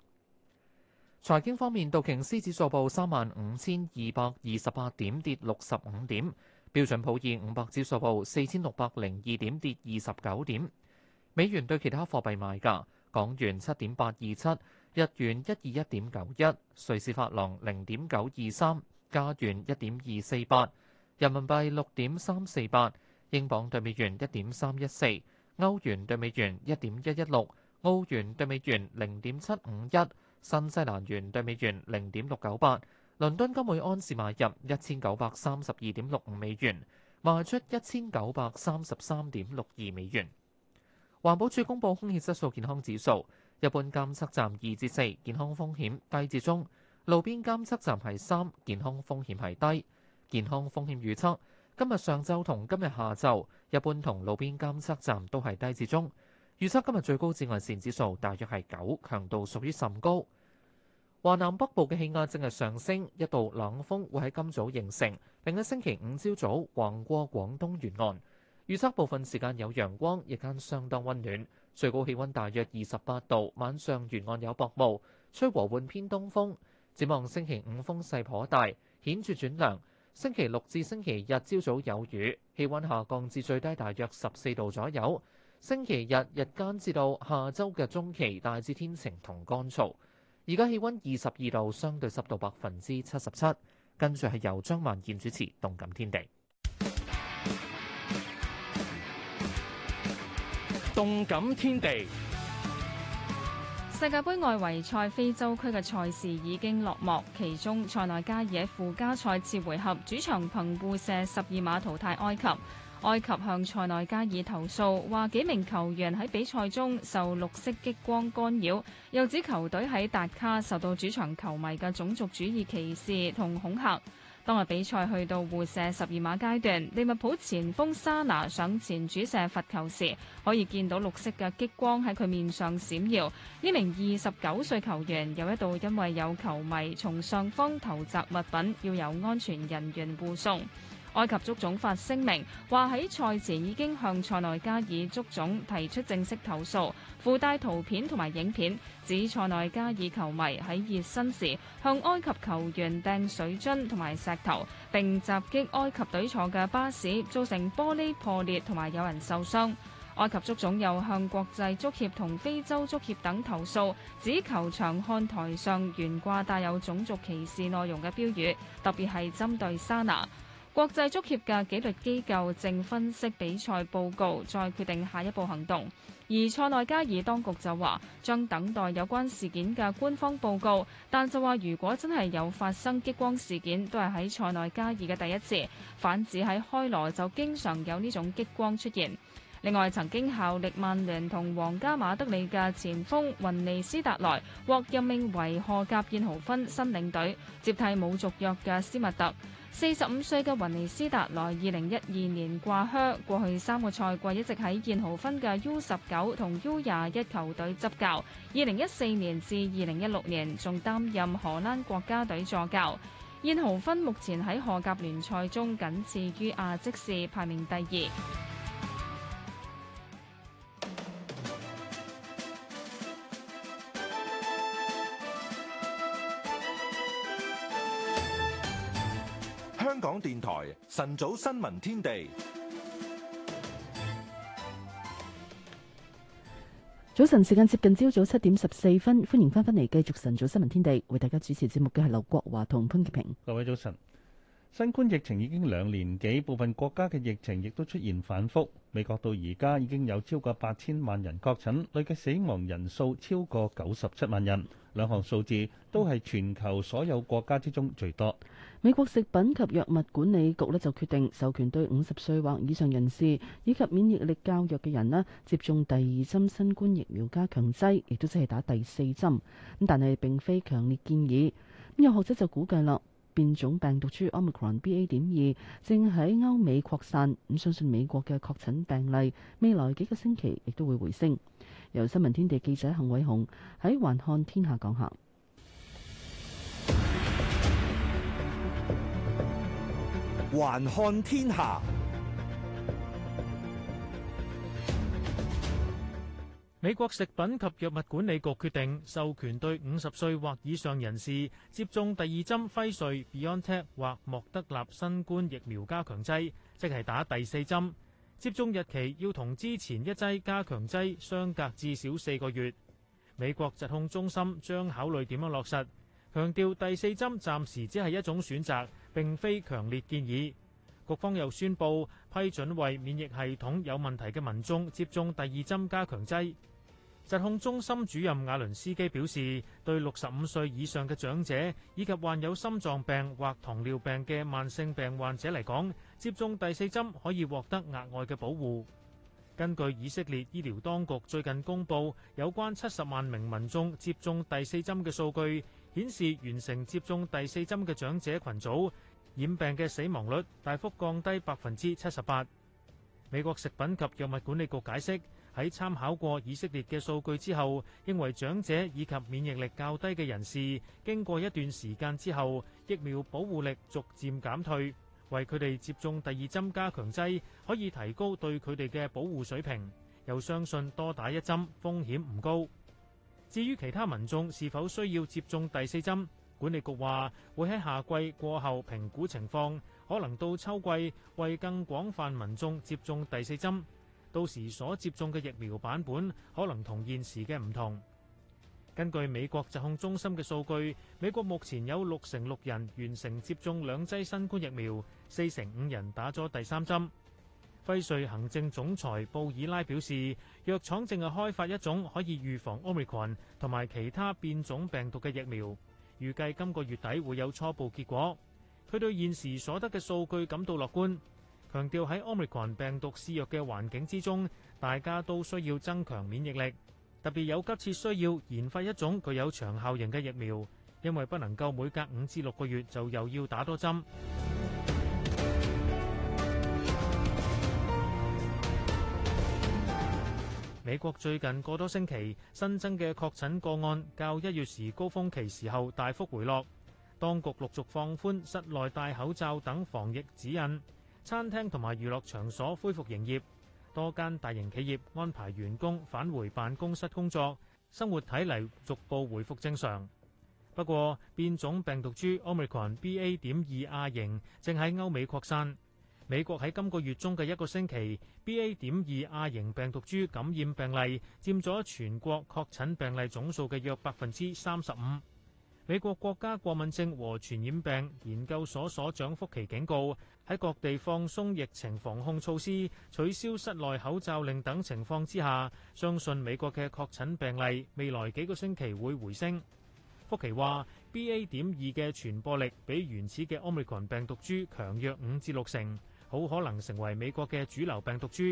財經方面，道瓊斯指數報三萬五千二百二十八點，跌六十五點；標準普爾五百指數報四千六百零二點，跌二十九點。美元對其他貨幣賣價：港元七點八二七，日元一二一點九一，瑞士法郎零點九二三，加元一點二四八，人民幣六點三四八。英鎊兌美元一點三一四，歐元兌美元一點一一六，澳元兌美元零點七五一，新西蘭元兌美元零點六九八。倫敦金每盎司買入一千九百三十二點六五美元，賣出一千九百三十三點六二美元。環保署公布空氣質素健康指數，一般監測站二至四，4, 健康風險低至中；路邊監測站係三，健康風險係低。健康風險預測。今日上晝同今日下晝一般同路邊監測站都係低至中。預測今日最高紫外線指數大約係九，強度屬於甚高。華南北部嘅氣壓正係上升，一道冷鋒會喺今早形成，另一星期五朝早橫過廣東沿岸。預測部分時間有陽光，夜間相當溫暖，最高氣溫大約二十八度。晚上沿岸有薄霧，吹和緩偏東風。展望星期五風勢頗大，顯著轉涼。星期六至星期日朝早有雨，氣溫下降至最低大約十四度左右。星期日日間至到下周嘅中期大致天晴同乾燥。而家氣溫二十二度，相對濕度百分之七十七。跟住係由張萬健主持《動感天地》。《動感天地》。世界杯外圍賽非洲區嘅賽事已經落幕，其中塞內加爾喺附加賽次回合主場憑互射十二碼淘汰埃及，埃及向塞內加爾投訴，話幾名球員喺比賽中受綠色激光干擾，又指球隊喺達卡受到主場球迷嘅種族主義歧視同恐吓。當日比賽去到互射十二碼階段，利物浦前鋒沙拿上前主射罰球時，可以見到綠色嘅激光喺佢面上閃耀。呢名二十九歲球員有一度因為有球迷從上方投擲物品，要由安全人員護送。埃及足總發聲明話：喺賽前已經向塞內加爾足總提出正式投訴，附帶圖片同埋影片指塞內加爾球迷喺熱身時向埃及球員掟水樽同埋石頭，並襲擊埃及隊坐嘅巴士，造成玻璃破裂同埋有人受傷。埃及足總又向國際足協同非洲足協等投訴，指球場看台上懸掛帶有種族歧視內容嘅標語，特別係針對沙拿。國際足協嘅紀律機構正分析比賽報告，再決定下一步行動。而塞內加爾當局就話將等待有關事件嘅官方報告，但就話如果真係有發生激光事件，都係喺塞內加爾嘅第一次，反指喺開羅就經常有呢種激光出現。另外，曾經效力曼聯同皇家馬德里嘅前鋒雲尼斯達萊獲任命為荷甲燕豪芬新領隊，接替冇續約嘅斯密特。四十五歲嘅雲尼斯達萊二零一二年掛靴，過去三個賽季一直喺燕豪芬嘅 U 十九同 U 廿一球隊執教。二零一四年至二零一六年仲擔任荷蘭國家隊助教。燕豪芬目前喺荷甲聯賽中僅次於亞積士，排名第二。港電台晨早新聞天地，早晨時間接近朝早七點十四分，歡迎翻返嚟繼續晨早新聞天地，為大家主持節目嘅係劉國華同潘潔平。各位早晨。新冠疫情已經兩年幾，部分國家嘅疫情亦都出現反覆美國到而家已經有超過八千萬人確診，累計死亡人數超過九十七萬人，兩項數字都係全球所有國家之中最多。美國食品及藥物管理局咧就決定授權對五十歲或以上人士以及免疫力較弱嘅人咧接種第二針新冠疫苗加強劑，亦都即係打第四針。咁但係並非強烈建議。咁有學者就估計啦，變種病毒株 Omicron BA. 點二正喺歐美擴散。咁相信美國嘅確診病例未來幾個星期亦都會回升。由新聞天地記者幸偉雄喺環看天下講下。環看天下。美國食品及藥物管理局決定授權對五十歲或以上人士接種第二針輝瑞、Biontech 或莫德納新冠疫苗加強劑，即係打第四針。接種日期要同之前一劑加強劑相隔至少四個月。美國疾控中心將考慮點樣落實，強調第四針暫時只係一種選擇。並非強烈建議。局方又宣布批准為免疫系統有問題嘅民眾接種第二針加強劑。疾控中心主任瓦倫斯基表示，對六十五歲以上嘅長者以及患有心臟病或糖尿病嘅慢性病患者嚟講，接種第四針可以獲得額外嘅保護。根據以色列醫療當局最近公佈有關七十萬名民眾接種第四針嘅數據，顯示完成接種第四針嘅長者群組染病嘅死亡率大幅降低百分之七十八。美國食品及藥物管理局解釋，喺參考過以色列嘅數據之後，認為長者以及免疫力較低嘅人士經過一段時間之後，疫苗保護力逐漸減退，為佢哋接種第二針加強劑可以提高對佢哋嘅保護水平，又相信多打一針風險唔高。至於其他民眾是否需要接種第四針，管理局話會喺夏季過後評估情況，可能到秋季為更廣泛民眾接種第四針。到時所接種嘅疫苗版本可能同現時嘅唔同。根據美國疾控中心嘅數據，美國目前有六成六人完成接種兩劑新冠疫苗，四成五人打咗第三針。輝瑞行政總裁布爾拉表示，藥廠正係開發一種可以預防 Omicron 同埋其他變種病毒嘅疫苗，預計今個月底會有初步結果。佢對現時所得嘅數據感到樂觀，強調喺 Omicron 病毒肆虐嘅環境之中，大家都需要增強免疫力，特別有急切需要研發一種具有長效型嘅疫苗，因為不能夠每隔五至六個月就又要打多針。美國最近個多星期新增嘅確診個案，較一月時高峰期時候大幅回落。當局陸續放寬室內戴口罩等防疫指引，餐廳同埋娛樂場所恢復營業，多間大型企業安排員工返回辦公室工作，生活睇嚟逐步回復正常。不過，變種病毒株 Omicron BA. 點二亞型正喺歐美擴散。美國喺今個月中嘅一個星期，BA.2 亞型病毒株感染病例佔咗全國確診病例總數嘅約百分之三十五。美國國家過敏症和傳染病研究所所長福奇警告，喺各地放鬆疫情防控措施、取消室內口罩令等情況之下，相信美國嘅確診病例未來幾個星期會回升。福奇話：BA.2 嘅傳播力比原始嘅 Omicron 病毒株強約五至六成。好可能成為美國嘅主流病毒株，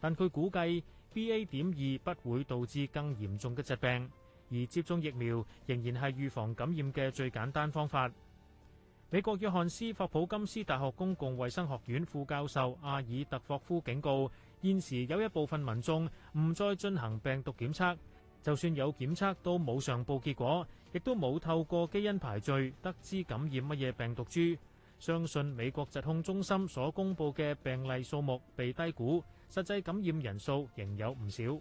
但佢估計 BA.2 不會導致更嚴重嘅疾病，而接種疫苗仍然係預防感染嘅最簡單方法。美國約翰斯霍普金斯大學公共衛生學院副教授阿爾特霍夫警告：現時有一部分民眾唔再進行病毒檢測，就算有檢測都冇上報結果，亦都冇透過基因排序得知感染乜嘢病毒株。相信美國疾控中心所公佈嘅病例數目被低估，實際感染人數仍有唔少。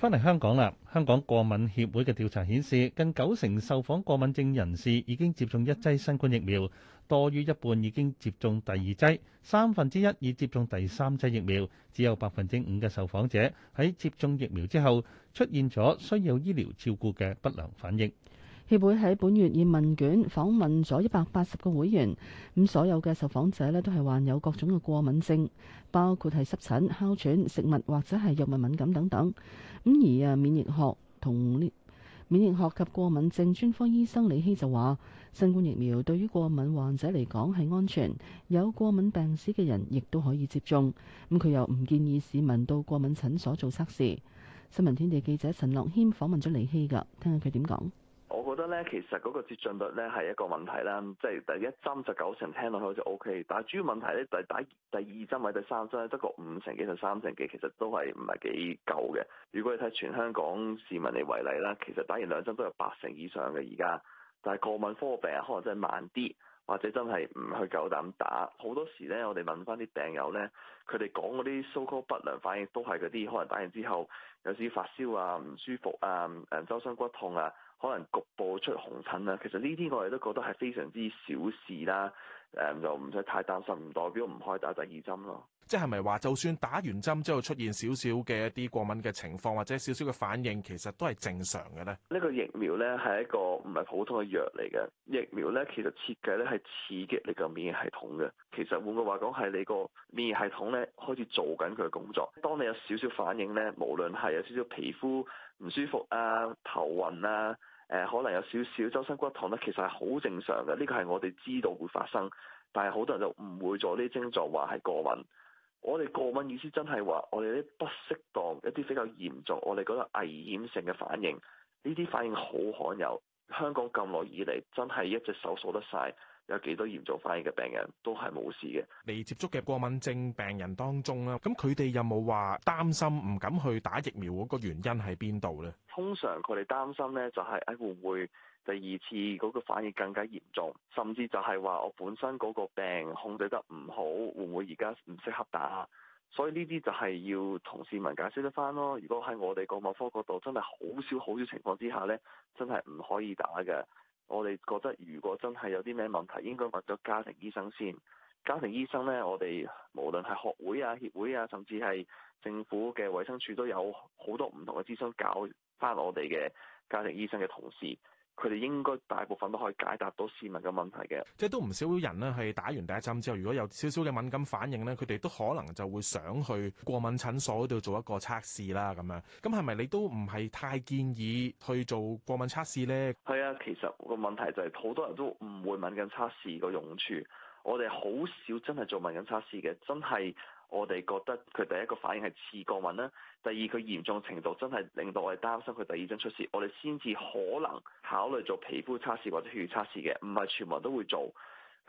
翻嚟香港啦！香港過敏協會嘅調查顯示，近九成受訪過敏症人士已經接種一劑新冠疫苗，多於一半已經接種第二劑，三分之一已接種第三劑疫苗。只有百分之五嘅受訪者喺接種疫苗之後出現咗需要醫療照顧嘅不良反應。協會喺本月以問卷訪問咗一百八十個會員，咁所有嘅受訪者呢都係患有各種嘅過敏症，包括係濕疹、哮喘、食物或者係藥物敏感等等。咁而啊，免疫學同免疫學及過敏症專科醫生李希就話：新冠疫苗對於過敏患者嚟講係安全，有過敏病史嘅人亦都可以接種。咁佢又唔建議市民到過敏診所做測試。新聞天地記者陳樂謙訪問咗李希㗎，聽下佢點講。我覺得咧，其實嗰個接種率咧係一個問題啦。即係第一針就九成，聽落去就 O K，但係主要問題咧就係打第二針或、第三針咧，得個五成幾、同三成幾，其實都係唔係幾夠嘅。如果你睇全香港市民嚟為例啦，其實打完兩針都有八成以上嘅而家。但係過敏科嘅病可能真係慢啲，或者真係唔去夠膽打。好多時咧，我哋問翻啲病友咧，佢哋講嗰啲所謂不良反應都係嗰啲，可能打完之後有少少發燒啊、唔舒服啊、嗯、周身骨痛啊。可能局部出紅疹啦，其實呢啲我哋都覺得係非常之小事啦。誒，就唔使太擔心，唔代表唔可以打第二針咯。即係咪話，就算打完針之後出現少少嘅一啲過敏嘅情況，或者少少嘅反應，其實都係正常嘅咧？呢個疫苗咧，係一個唔係普通嘅藥嚟嘅。疫苗咧其實設計咧，係刺激你個免疫系統嘅。其實換句話講，係你個免疫系統咧，開始做緊佢嘅工作。當你有少少反應咧，無論係有少少皮膚唔舒服啊、頭暈啊。誒可能有少少周身骨痛咧，其實係好正常嘅，呢個係我哋知道會發生，但係好多人就誤會咗呢啲症狀話係過敏。我哋過敏意思真係話我哋啲不適當、一啲比較嚴重、我哋覺得危險性嘅反應，呢啲反應好罕有。香港咁耐以嚟，真係一隻手數得晒。有幾多嚴重反應嘅病人都，都係冇事嘅。未接觸嘅過敏症病人當中咧，咁佢哋有冇話擔心唔敢去打疫苗嗰個原因喺邊度呢？通常佢哋擔心呢，就係誒會唔會第二次嗰個反應更加嚴重，甚至就係話我本身嗰個病控制得唔好，會唔會而家唔適合打？所以呢啲就係要同市民解釋得翻咯。如果喺我哋個某科嗰度，真係好少好少情況之下呢，真係唔可以打嘅。我哋覺得，如果真係有啲咩問題，應該問咗家庭醫生先。家庭醫生呢，我哋無論係學會啊、協會啊，甚至係政府嘅衛生署，都有好多唔同嘅諮詢教翻我哋嘅家庭醫生嘅同事。佢哋應該大部分都可以解答到市民嘅問題嘅，即係都唔少人咧，係打完第一針之後，如果有少少嘅敏感反應呢，佢哋都可能就會想去過敏診所嗰度做一個測試啦。咁樣，咁係咪你都唔係太建議去做過敏測試呢？係啊，其實個問題就係好多人都唔會敏感測試個用處，我哋好少真係做敏感測試嘅，真係。我哋覺得佢第一個反應係刺過敏啦，第二，佢嚴重程度真係令到我哋擔心佢第二針出事，我哋先至可能考慮做皮膚測試或者血測試嘅，唔係全部都會做。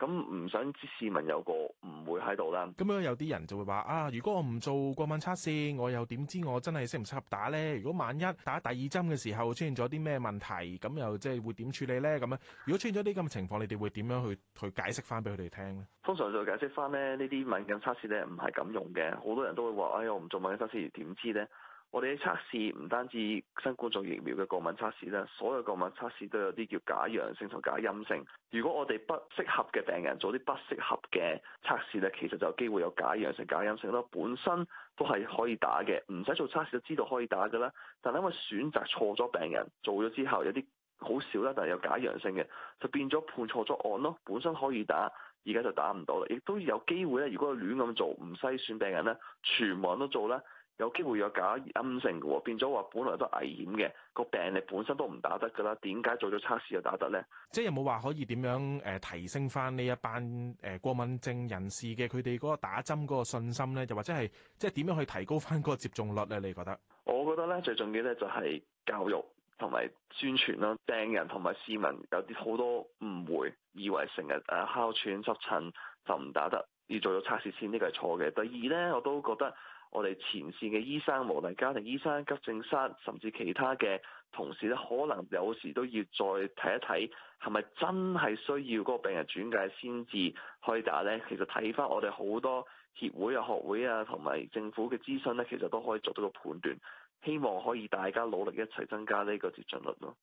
咁唔想知市民有個唔會喺度啦。咁樣有啲人就會話啊，如果我唔做過敏測試，我又點知我真係適唔適合打呢？如果萬一打第二針嘅時候出現咗啲咩問題，咁又即係會點處理呢？」咁樣如果出現咗啲咁嘅情況，你哋會點樣去去解釋翻俾佢哋聽呢？通常就解釋翻呢，呢啲敏感測試咧唔係咁用嘅。好多人都會話：哎呀，我唔做敏感測試點知呢？」我哋嘅測試唔單止新冠狀疫苗嘅過敏測試啦，所有過敏測試都有啲叫假陽性同假陰性。如果我哋不適合嘅病人做啲不適合嘅測試咧，其實就有機會有假陽性、假陰性咯。本身都係可以打嘅，唔使做測試都知道可以打㗎啦。但係因為選擇錯咗病人，做咗之後有啲好少啦，但係有假陽性嘅，就變咗判錯咗案咯。本身可以打，而家就打唔到啦。亦都有機會咧，如果亂咁做，唔篩選病人咧，全部人都做啦。有機會有假陰性嘅喎，變咗話本來都危險嘅個病人本身都唔打得㗎啦，點解做咗測試又打得咧？即係有冇話可以點樣誒提升翻呢一班誒過敏症人士嘅佢哋嗰個打針嗰個信心咧？又或者係即係點樣去提高翻嗰個接種率咧？你覺得？我覺得咧，最重要咧就係教育同埋宣傳咯，病人同埋市民有啲好多誤會，以為成日誒哮喘濕疹就唔打得，要做咗測試先，呢個係錯嘅。第二咧，我都覺得。我哋前線嘅醫生，無論家庭醫生、急症室，甚至其他嘅同事咧，可能有時都要再睇一睇，係咪真係需要嗰個病人轉介先至開打呢？其實睇翻我哋好多協會啊、學會啊，同埋政府嘅諮詢呢，其實都可以做到個判斷，希望可以大家努力一齊增加呢個接診率咯。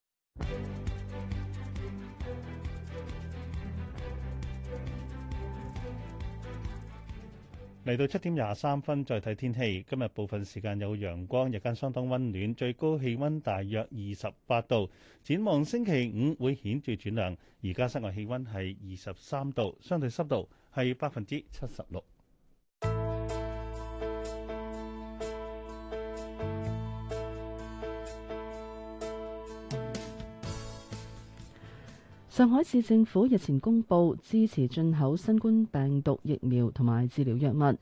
嚟到七點廿三分，再睇天氣。今日部分時間有陽光，日間相當溫暖，最高氣溫大約二十八度。展望星期五會顯著轉涼，而家室外氣溫係二十三度，相對濕度係百分之七十六。上海市政府日前公布支持進口新冠病毒疫苗同埋治療藥物。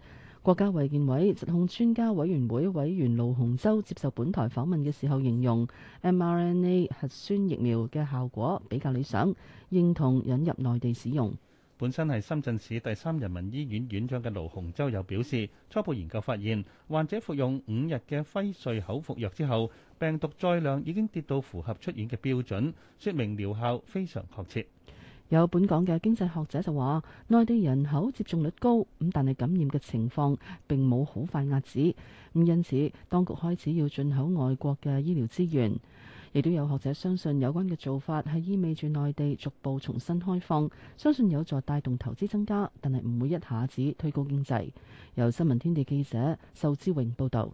國家衛健委疾控專家委員會委員盧洪洲接受本台訪問嘅時候形容 mRNA 核酸疫苗嘅效果比較理想，認同引入內地使用。本身係深圳市第三人民醫院院長嘅盧洪洲又表示，初步研究發現患者服用五日嘅輝瑞口服藥之後，病毒載量已經跌到符合出院嘅標準，說明療效非常確切。有本港嘅經濟學者就話：內地人口接種率高，咁但係感染嘅情況並冇好快壓止，咁因此當局開始要進口外國嘅醫療資源。亦都有學者相信有關嘅做法係意味住內地逐步重新開放，相信有助帶動投資增加，但係唔會一下子推高經濟。由新聞天地記者仇之榮報導。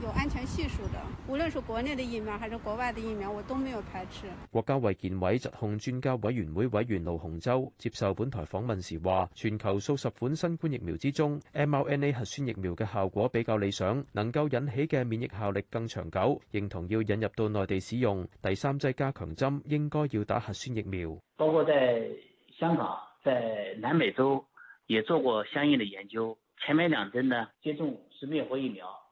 有安全係數的，無論是國內的疫苗還是國外的疫苗，我都沒有排斥。國家衛健委疾控專家委員會委員盧洪洲接受本台訪問時話，全球數十款新冠疫苗之中，mRNA 核酸疫苗嘅效果比較理想，能夠引起嘅免疫效力更長久，認同要引入到內地使用。第三劑加強針應該要打核酸疫苗。包括在香港、在南美洲也做過相應的研究。前面兩針呢，接種是滅活疫苗。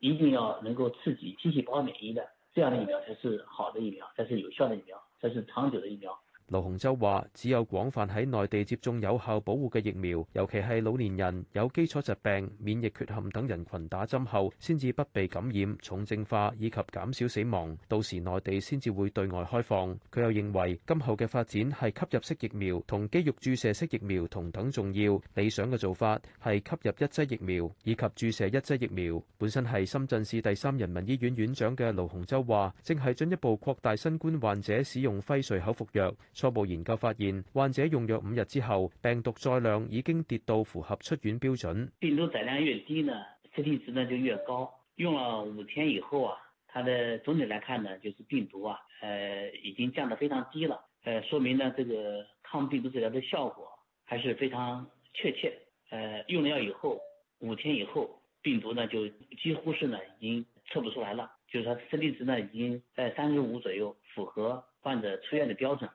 一定要能夠刺激 T 細胞免疫的，這樣的疫苗才是好的疫苗，才是有效的疫苗，才是長久的疫苗。盧洪洲話：只有廣泛喺內地接種有效保護嘅疫苗，尤其係老年人、有基礎疾病、免疫缺陷等人群打針後，先至不被感染、重症化以及減少死亡。到時內地先至會對外開放。佢又認為今後嘅發展係吸入式疫苗同肌肉注射式疫苗同等重要。理想嘅做法係吸入一劑疫苗以及注射一劑疫苗。本身係深圳市第三人民醫院院長嘅盧洪洲話，正係進一步擴大新冠患者使用輝瑞口服藥。初步研究發現，患者用藥五日之後，病毒載量已經跌到符合出院標準。病毒載量越低呢，CT 值呢就越高。用了五天以後啊，它的總體來看呢，就是病毒啊，呃，已經降得非常低了。呃，說明呢，這個抗病毒治療的效果還是非常確切。呃，用了藥以後五天以後，病毒呢就幾乎是呢已經測不出來了。就是說，CT 值呢已經在三十五左右，符合患者出院的標準了。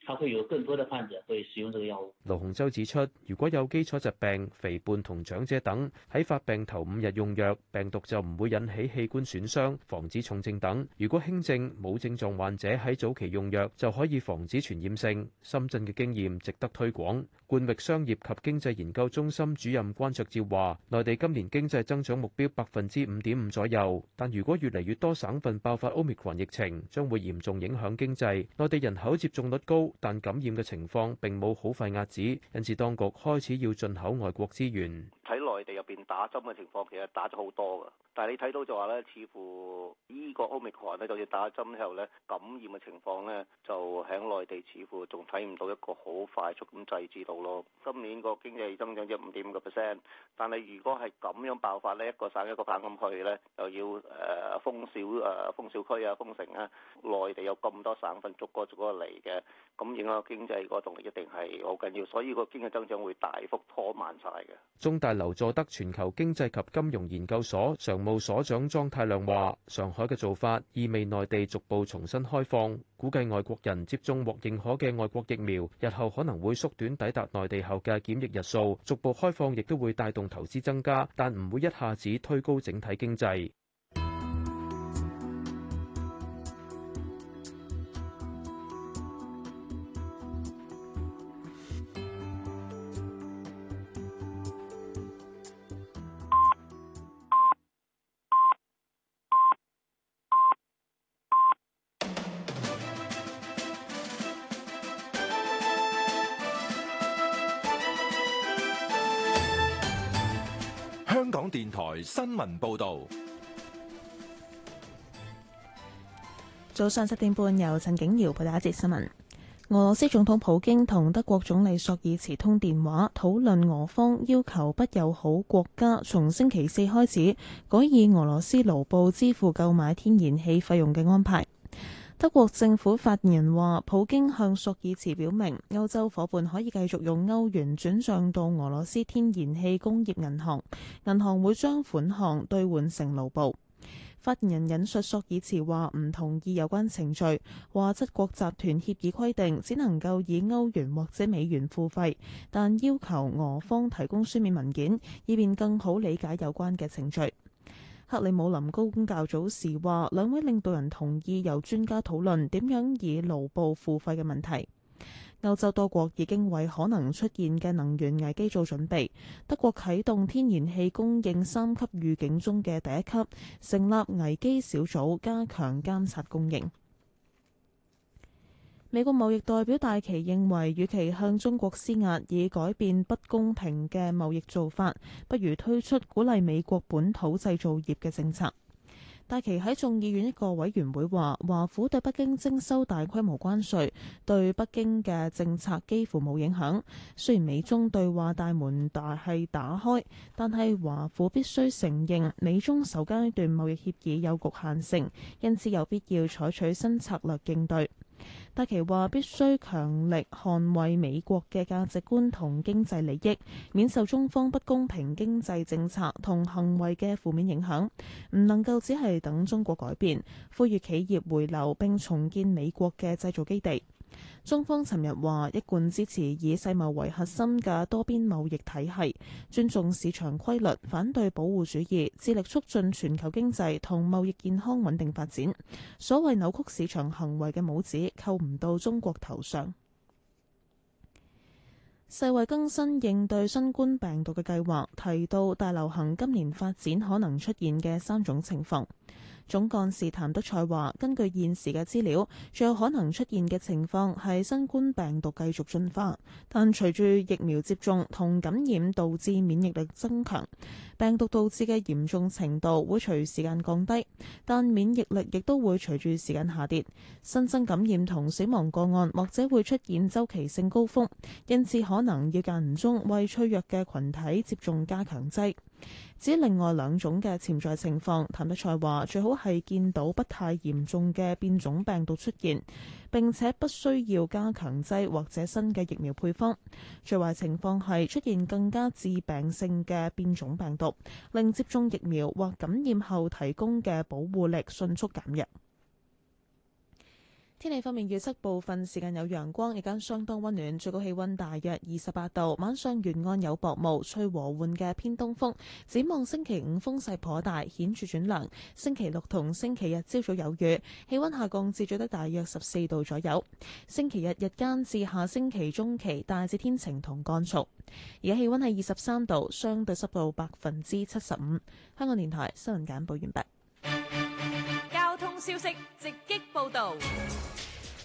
他會有更多的患者會使用這個藥物。盧洪洲指出，如果有基礎疾病、肥胖同長者等喺發病頭五日用藥，病毒就唔會引起器官損傷、防止重症等。如果輕症冇症狀患者喺早期用藥就可以防止傳染性。深圳嘅經驗值得推廣。冠域商業及經濟研究中心主任關焯照話，內地今年經濟增長目標百分之五點五左右，但如果越嚟越多省份爆發奧密克戎疫情，將會嚴重影響經濟。內地人口接種率高。但感染嘅情況並冇好快遏止，因此當局開始要進口外國資源。地入邊打針嘅情況其實打咗好多嘅，但係你睇到就話咧，似乎呢個 Omicron 咧，就算打咗針之後咧，感染嘅情況咧，就喺內地似乎仲睇唔到一個好快速咁制止到咯。今年個經濟增長只五點五個 percent，但係如果係咁樣爆發呢，一個省一個省咁去咧，又要誒封小誒封小區啊、封城啊，內地有咁多省份逐個逐個嚟嘅，咁影響經濟個動力一定係好緊要，所以個經濟增長會大幅拖慢晒嘅。中大留得全球經濟及金融研究所常務所長莊太亮話：上海嘅做法意味內地逐步重新開放，估計外國人接種獲認可嘅外國疫苗，日後可能會縮短抵達內地後嘅檢疫日數。逐步開放亦都會帶動投資增加，但唔會一下子推高整體經濟。報道：早上七點半，由陳景瑤報道一節新聞。俄羅斯總統普京同德國總理索爾茨通電話，討論俄方要求不友好國家從星期四開始，改以俄羅斯盧布支付購買天然氣費用嘅安排。德國政府發言人話，普京向索爾茨表明，歐洲夥伴可以繼續用歐元轉賬到俄羅斯天然氣工業銀行，銀行會將款項兌換成盧布。發言人引述索爾茨話，唔同意有關程序，話七國集團協議規定只能夠以歐元或者美元付費，但要求俄方提供書面文件，以便更好理解有關嘅程序。克里姆林高公教早時話，兩位領導人同意由專家討論點樣以勞部付費嘅問題。歐洲多國已經為可能出現嘅能源危機做準備，德國啟動天然氣供應三級預警中嘅第一級，成立危機小組加強監察供應。美國貿易代表戴琪認為，與其向中國施壓以改變不公平嘅貿易做法，不如推出鼓勵美國本土製造業嘅政策。戴琪喺眾議院一個委員會話，華府對北京徵收大規模關稅，對北京嘅政策幾乎冇影響。雖然美中對話大門大係打開，但係華府必須承認美中首階段貿易協議有局限性，因此有必要採取新策略應對。戴奇話，必須強力捍衛美國嘅價值觀同經濟利益，免受中方不公平經濟政策同行為嘅負面影響，唔能夠只係等中國改變，呼籲企業回流並重建美國嘅製造基地。中方尋日話，一貫支持以世貿為核心嘅多邊貿易體系，尊重市場規律，反對保護主義，致力促進全球經濟同貿易健康穩定發展。所謂扭曲市場行為嘅帽子，扣唔到中國頭上。世衛更新應對新冠病毒嘅計劃，提到大流行今年發展可能出現嘅三種情況。總幹事譚德賽話，根據現時嘅資料，最有可能出現嘅情況係新冠病毒繼續進化，但隨住疫苗接種同感染導致免疫力增強，病毒導致嘅嚴重程度會隨時間降低，但免疫力亦都會隨住時間下跌，新增感染同死亡個案或者會出現周期性高峰，因此可能要間唔中為脆弱嘅群體接種加強劑。指另外兩種嘅潛在情況，譚德塞話最好係見到不太嚴重嘅變種病毒出現，並且不需要加強劑或者新嘅疫苗配方。最壞情況係出現更加致病性嘅變種病毒，令接種疫苗或感染後提供嘅保護力迅速減弱。天氣方面，預測部分時間有陽光，日間相當溫暖，最高氣溫大約二十八度。晚上沿岸有薄霧，吹和緩嘅偏東風。展望星期五風勢頗大，顯著轉涼。星期六同星期日朝早有雨，氣溫下降至最低大約十四度左右。星期日日間至下星期中期大致天晴同乾燥，而家氣溫係二十三度，相對濕度百分之七十五。香港電台新聞簡報完畢。消息直擊報導。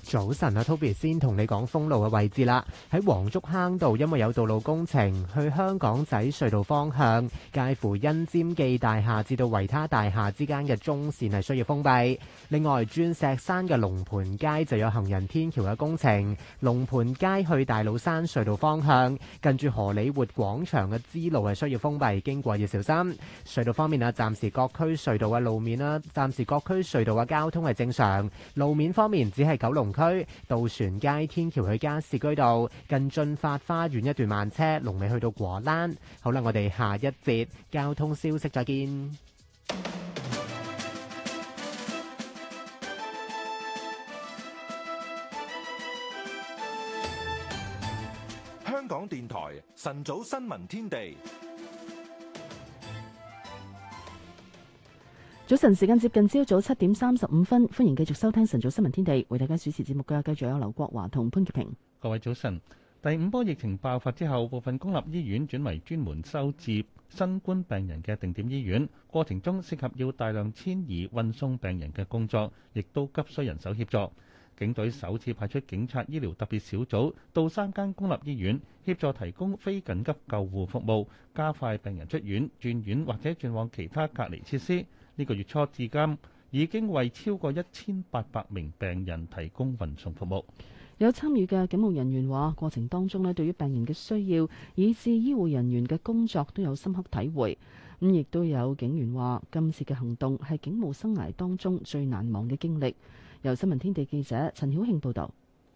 早晨啊，Toby 先同你講封路嘅位置啦。喺黃竹坑道，因為有道路工程，去香港仔隧道方向，介乎欣尖記大廈至到維他大廈之間嘅中線係需要封閉。另外，鑽石山嘅龍盤街就有行人天橋嘅工程。龍盤街去大老山隧道方向，近住荷里活廣場嘅支路係需要封閉，經過要小心。隧道方面啊，暫時各區隧道嘅，啊、路面啦、啊，暫時各區隧道嘅，啊、交通係正常。路面方面只係九龍區渡船街天橋去加士居道近駿發花園一段慢車龍尾去到果欄。好啦，我哋下一節交通消息再見。香港電台晨早新聞天地。早晨，時間接近朝早七點三十五分，歡迎繼續收聽晨早新聞天地，為大家主持節目嘅繼續有劉國華同潘潔平。各位早晨。第五波疫情爆發之後，部分公立醫院轉為專門收治新冠病人嘅定點醫院，過程中涉及要大量遷移、運送病人嘅工作，亦都急需人手協助。警隊首次派出警察醫療特別小組到三間公立醫院協助提供非緊急救護服務，加快病人出院、轉院或者轉往其他隔離設施。呢個月初至今已經為超過一千八百名病人提供運送服務。有參與嘅警務人員話：過程當中呢，對於病人嘅需要，以至醫護人員嘅工作都有深刻體會。咁亦都有警員話：今次嘅行動係警務生涯當中最難忘嘅經歷。由新聞天地記者陳曉慶報導。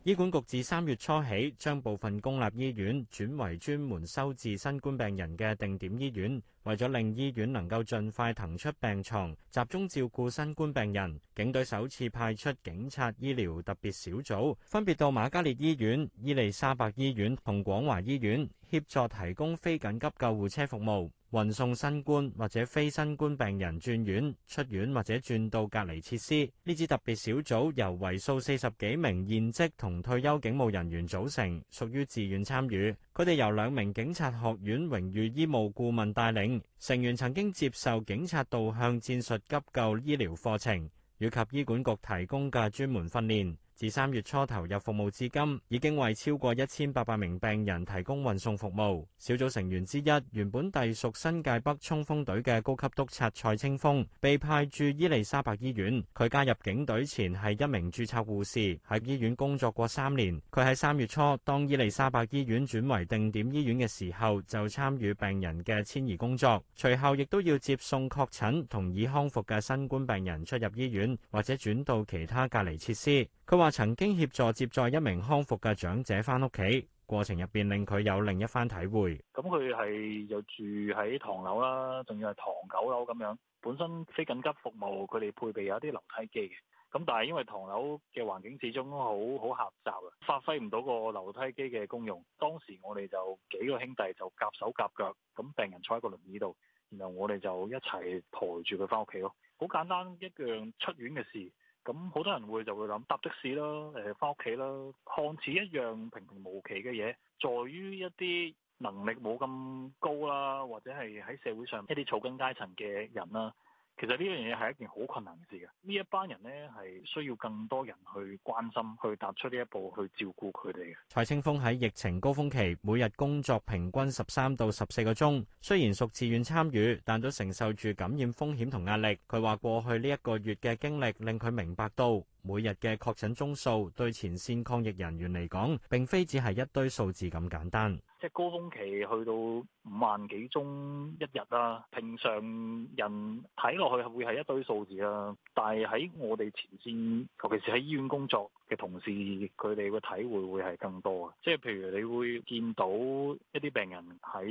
醫管局自三月初起，將部分公立醫院轉為專門收治新冠病人嘅定點醫院，為咗令醫院能夠盡快騰出病床，集中照顧新冠病人。警隊首次派出警察醫療特別小組，分別到瑪嘉烈醫院、伊利沙伯醫院同廣華醫院協助提供非緊急救護車服務。運送新冠或者非新冠病人轉院、出院或者轉到隔離設施，呢支特別小組由為數四十幾名現職同退休警務人員組成，屬於自願參與。佢哋由兩名警察學院榮譽醫務顧問帶領，成員曾經接受警察導向戰術急救醫療課程，以及醫管局提供嘅專門訓練。自三月初投入服務至今，已經為超過一千八百名病人提供運送服務。小組成員之一，原本隸屬新界北衝鋒隊嘅高級督察蔡清峰，被派駐伊麗莎白醫院。佢加入警隊前係一名注冊護士，喺醫院工作過三年。佢喺三月初當伊麗莎白醫院轉為定點醫院嘅時候，就參與病人嘅遷移工作。隨後亦都要接送確診同已康復嘅新冠病人出入醫院，或者轉到其他隔離設施。佢話曾經協助接載一名康復嘅長者翻屋企，過程入邊令佢有另一番體會。咁佢係又住喺唐樓啦，仲要係唐九樓咁樣。本身非緊急服務，佢哋配備有一啲樓梯機嘅。咁但係因為唐樓嘅環境始終好好狹窄啊，發揮唔到個樓梯機嘅功用。當時我哋就幾個兄弟就夾手夾腳，咁病人坐喺個輪椅度，然後我哋就一齊抬住佢翻屋企咯。好簡單一樣出院嘅事。咁好多人會就會諗搭的士啦，誒返屋企啦，看似一樣平平無奇嘅嘢，在於一啲能力冇咁高啦，或者係喺社會上一啲草根階層嘅人啦。其實呢樣嘢係一件好困難嘅事嘅，呢一班人呢，係需要更多人去關心，去踏出呢一步去照顧佢哋嘅。蔡清峰喺疫情高峰期，每日工作平均十三到十四個鐘，雖然屬自願參與，但都承受住感染風險同壓力。佢話過去呢一個月嘅經歷，令佢明白到每日嘅確診宗數對前線抗疫人員嚟講，並非只係一堆數字咁簡單。即係高峰期去到五萬幾宗一日啦、啊。平常人睇落去會係一堆數字啦、啊，但係喺我哋前線，尤其是喺醫院工作嘅同事，佢哋嘅體會會係更多嘅。即係譬如你會見到一啲病人喺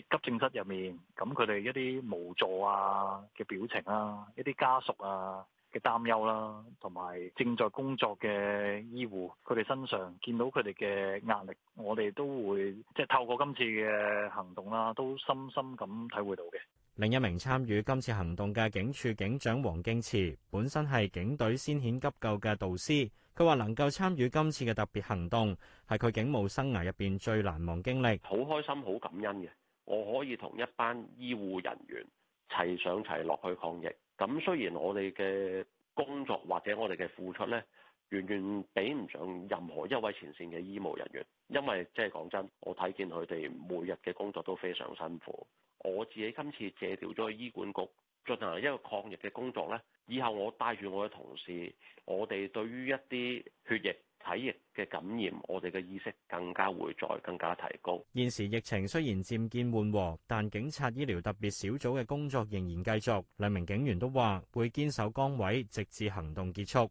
急症室入面，咁佢哋一啲無助啊嘅表情啊，一啲家屬啊嘅擔憂啦，同埋正在工作嘅醫護，佢哋身上見到佢哋嘅壓力，我哋都會即係透過今次嘅行動啦，都深深咁體會到嘅。另一名參與今次行動嘅警署警長黃敬慈，本身係警隊先遣急救嘅導師，佢話能夠參與今次嘅特別行動，係佢警務生涯入邊最難忘經歷，好開心，好感恩嘅。我可以同一班醫護人員齊上齊落去抗疫。咁雖然我哋嘅工作或者我哋嘅付出呢，遠遠比唔上任何一位前線嘅醫務人員，因為即係講真，真，我睇見佢哋每日嘅工作都非常辛苦。我自己今次借調咗去醫管局進行一個抗疫嘅工作呢，以後我帶住我嘅同事，我哋對於一啲血液。體液嘅感染，我哋嘅意識更加會再更加提高。現時疫情雖然漸漸緩和，但警察醫療特別小組嘅工作仍然繼續。兩名警員都話會堅守崗位，直至行動結束。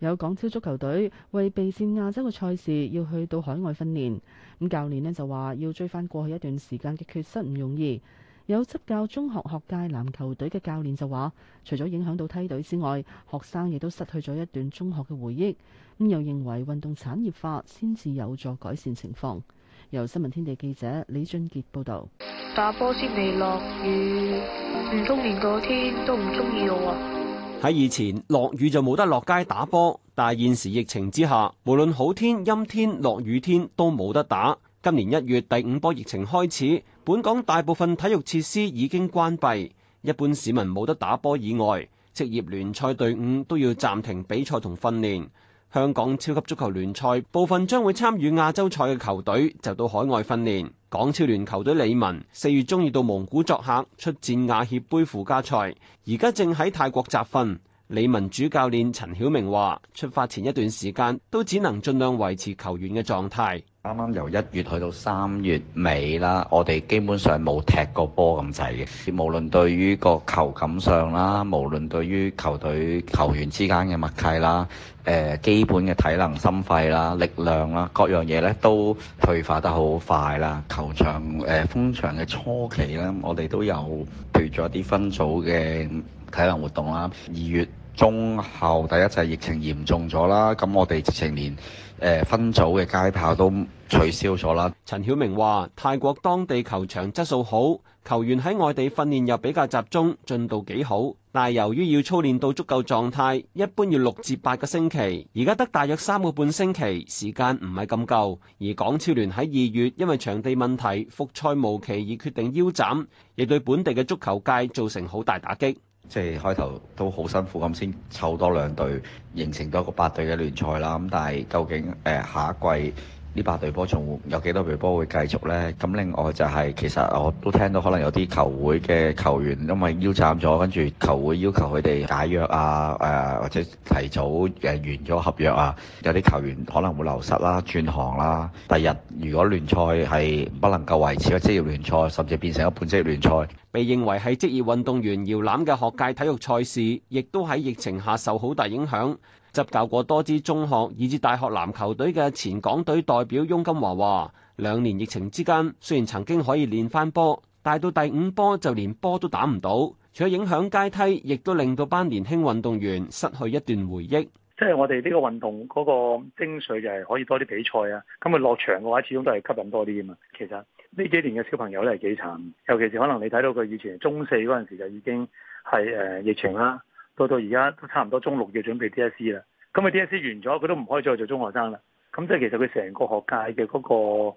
有港超足球隊為備戰亞洲嘅賽事，要去到海外訓練，咁教練呢就話要追翻過去一段時間嘅缺失唔容易。有執教中學學界籃球隊嘅教練就話，除咗影響到梯隊之外，學生亦都失去咗一段中學嘅回憶。咁又認為運動產業化先至有助改善情況。由新聞天地記者李俊杰報道。打波先未落雨，唔通連個天都唔中意我啊！喺以前落雨就冇得落街打波，但係現時疫情之下，無論好天、陰天、落雨天都冇得打。今年一月第五波疫情開始，本港大部分體育設施已經關閉，一般市民冇得打波以外，職業聯賽隊伍都要暫停比賽同訓練。香港超級足球聯賽部分將會參與亞洲賽嘅球隊就到海外訓練。港超聯球隊李文四月中要到蒙古作客出戰亞協盃附加賽，而家正喺泰國集訓。李文主教練陳曉明話，出發前一段時間都只能盡量維持球員嘅狀態。啱啱由一月去到三月尾啦，我哋基本上冇踢過波咁滯嘅。無論對於個球感上啦，無論對於球隊球員之間嘅默契啦。誒基本嘅體能、心肺啦、力量啦，各樣嘢咧都退化得好快啦。球場誒封、呃、場嘅初期咧，我哋都有譬如咗啲分組嘅體能活動啦。二月中後第一就係、是、疫情嚴重咗啦，咁我哋直情連誒分組嘅街跑都取消咗啦。陳曉明話：泰國當地球場質素好。球員喺外地訓練又比較集中，進度幾好。但係由於要操練到足夠狀態，一般要六至八個星期，而家得大約三個半星期，時間唔係咁夠。而港超聯喺二月因為場地問題復賽無期，而決定腰斬，亦對本地嘅足球界造成好大打擊。即係開頭都好辛苦咁先湊多兩隊，形成多個八隊嘅聯賽啦。咁但係究竟誒、呃、下一季？呢把隊波仲有幾多隊波會繼續呢？咁另外就係、是、其實我都聽到可能有啲球會嘅球員因為腰斬咗，跟住球會要求佢哋解約啊，誒或者提早誒完咗合約啊，有啲球員可能會流失啦、轉行啦、啊。第日，日如果聯賽係不能夠維持個職業聯賽，甚至變成一半職業聯賽，被認為係職業運動員搖籃嘅學界體育賽事，亦都喺疫情下受好大影響。執教過多支中學以至大學籃球隊嘅前港隊代表翁金華話，兩年疫情之間，雖然曾經可以練翻波，但到第五波就連波都打唔到，除咗影響階梯，亦都令到班年輕運動員失去一段回憶。即係我哋呢個運動嗰個精髓就係可以多啲比賽啊，咁佢落場嘅話，始終都係吸引多啲噶嘛。其實呢幾年嘅小朋友都係幾慘，尤其是可能你睇到佢以前中四嗰陣時就已經係誒、呃、疫情啦。到到而家都差唔多中六要準備 D S C 啦，咁佢 D S C 完咗，佢都唔可以再做中學生啦。咁即係其實佢成個學界嘅嗰個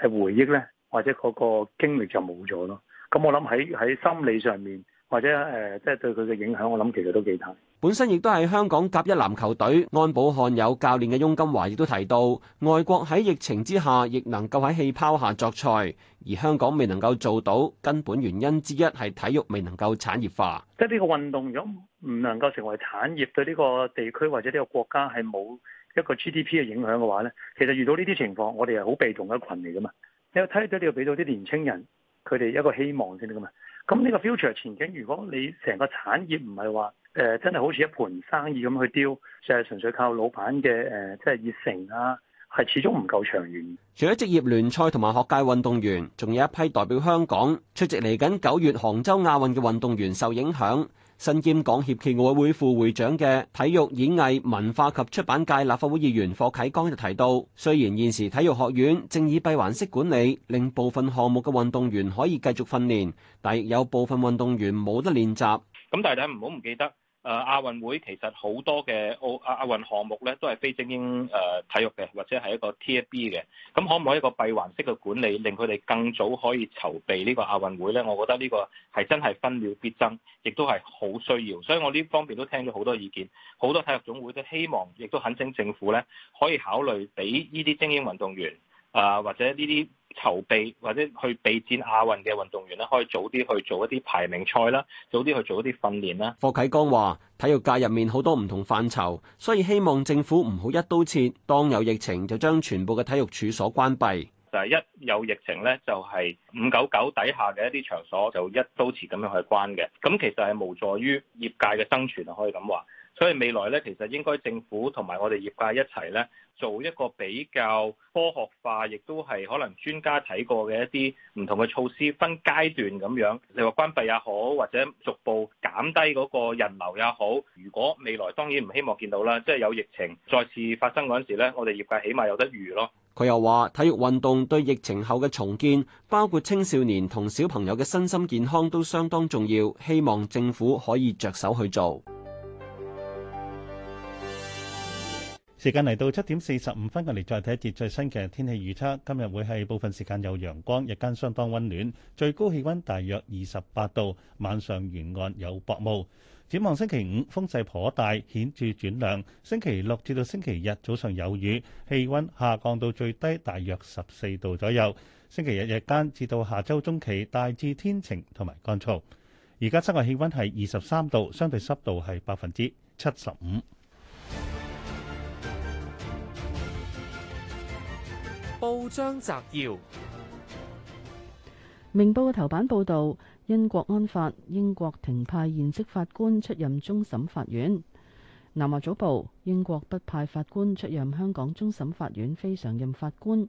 回憶咧，或者嗰個經歷就冇咗咯。咁我諗喺喺心理上面或者誒，即係對佢嘅影響，我諗其實都幾大。本身亦都係香港甲一籃球隊安保罕有教練嘅翁金華亦都提到，外國喺疫情之下亦能夠喺氣泡下作賽，而香港未能夠做到，根本原因之一係體育未能夠產業化。即係呢個運動如果唔能夠成為產業，對呢個地區或者呢個國家係冇一個 GDP 嘅影響嘅話咧，其實遇到呢啲情況，我哋係好被動嘅群嚟噶嘛。有梯隊，你要俾到啲年青人佢哋一個希望先得噶嘛。咁呢個 future 前景，如果你成個產業唔係話誒真係好似一盤生意咁去丟，就係純粹靠老闆嘅誒即係熱誠啊，係始終唔夠長遠。除咗職業聯賽同埋學界運動員，仲有一批代表香港出席嚟緊九月杭州亞運嘅運動員受影響。身兼港協暨奧委會副會長嘅體育演藝文化及出版界立法會議員霍啟剛就提到，雖然現時體育學院正以閉環式管理，令部分項目嘅運動員可以繼續訓練，但亦有部分運動員冇得練習。咁大家唔好唔記得。誒，亞運會其實好多嘅奧亞亞運項目咧，都係非精英誒體育嘅，或者係一個 TAFB 嘅。咁可唔可以一個閉環式嘅管理，令佢哋更早可以籌備呢個亞運會呢？我覺得呢個係真係分秒必爭，亦都係好需要。所以我呢方面都聽咗好多意見，好多體育總會都希望，亦都懇請政府呢，可以考慮俾呢啲精英運動員。啊，或者呢啲籌備或者去備戰亞運嘅運動員呢，可以早啲去做一啲排名賽啦，早啲去做一啲訓練啦。霍啟剛話，體育界入面好多唔同範疇，所以希望政府唔好一刀切，當有疫情就將全部嘅體育處所關閉。就係一有疫情呢，就係五九九底下嘅一啲場所就一刀切咁樣去關嘅，咁其實係無助於業界嘅生存，可以咁話。所以未來咧，其實應該政府同埋我哋業界一齊咧，做一個比較科學化，亦都係可能專家睇過嘅一啲唔同嘅措施，分階段咁樣，你話關閉也好，或者逐步減低嗰個人流也好。如果未來當然唔希望見到啦，即係有疫情再次發生嗰陣時咧，我哋業界起碼有得預咯。佢又話：體育運動對疫情後嘅重建，包括青少年同小朋友嘅身心健康都相當重要，希望政府可以着手去做。時間嚟到七點四十五分，我哋再睇一節最新嘅天氣預測。今日會係部分時間有陽光，日間相當温暖，最高氣温大約二十八度。晚上沿岸有薄霧。展望星期五風勢頗大，顯著轉涼。星期六至到星期日早上有雨，氣温下降到最低大約十四度左右。星期日日間至到下周中期大致天晴同埋乾燥。而家室外氣温係二十三度，相對濕度係百分之七十五。報章摘要：明報嘅頭版報道，英國安法，英國停派現職法官出任終審法院。南華早報：英國不派法官出任香港終審法院非常任法官。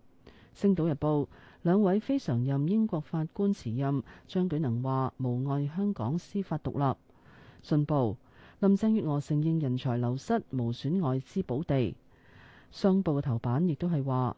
星島日報：兩位非常任英國法官辭任，張舉能話無礙香港司法獨立。信報：林鄭月娥承認人才流失，無損外資寶地。商報嘅頭版亦都係話。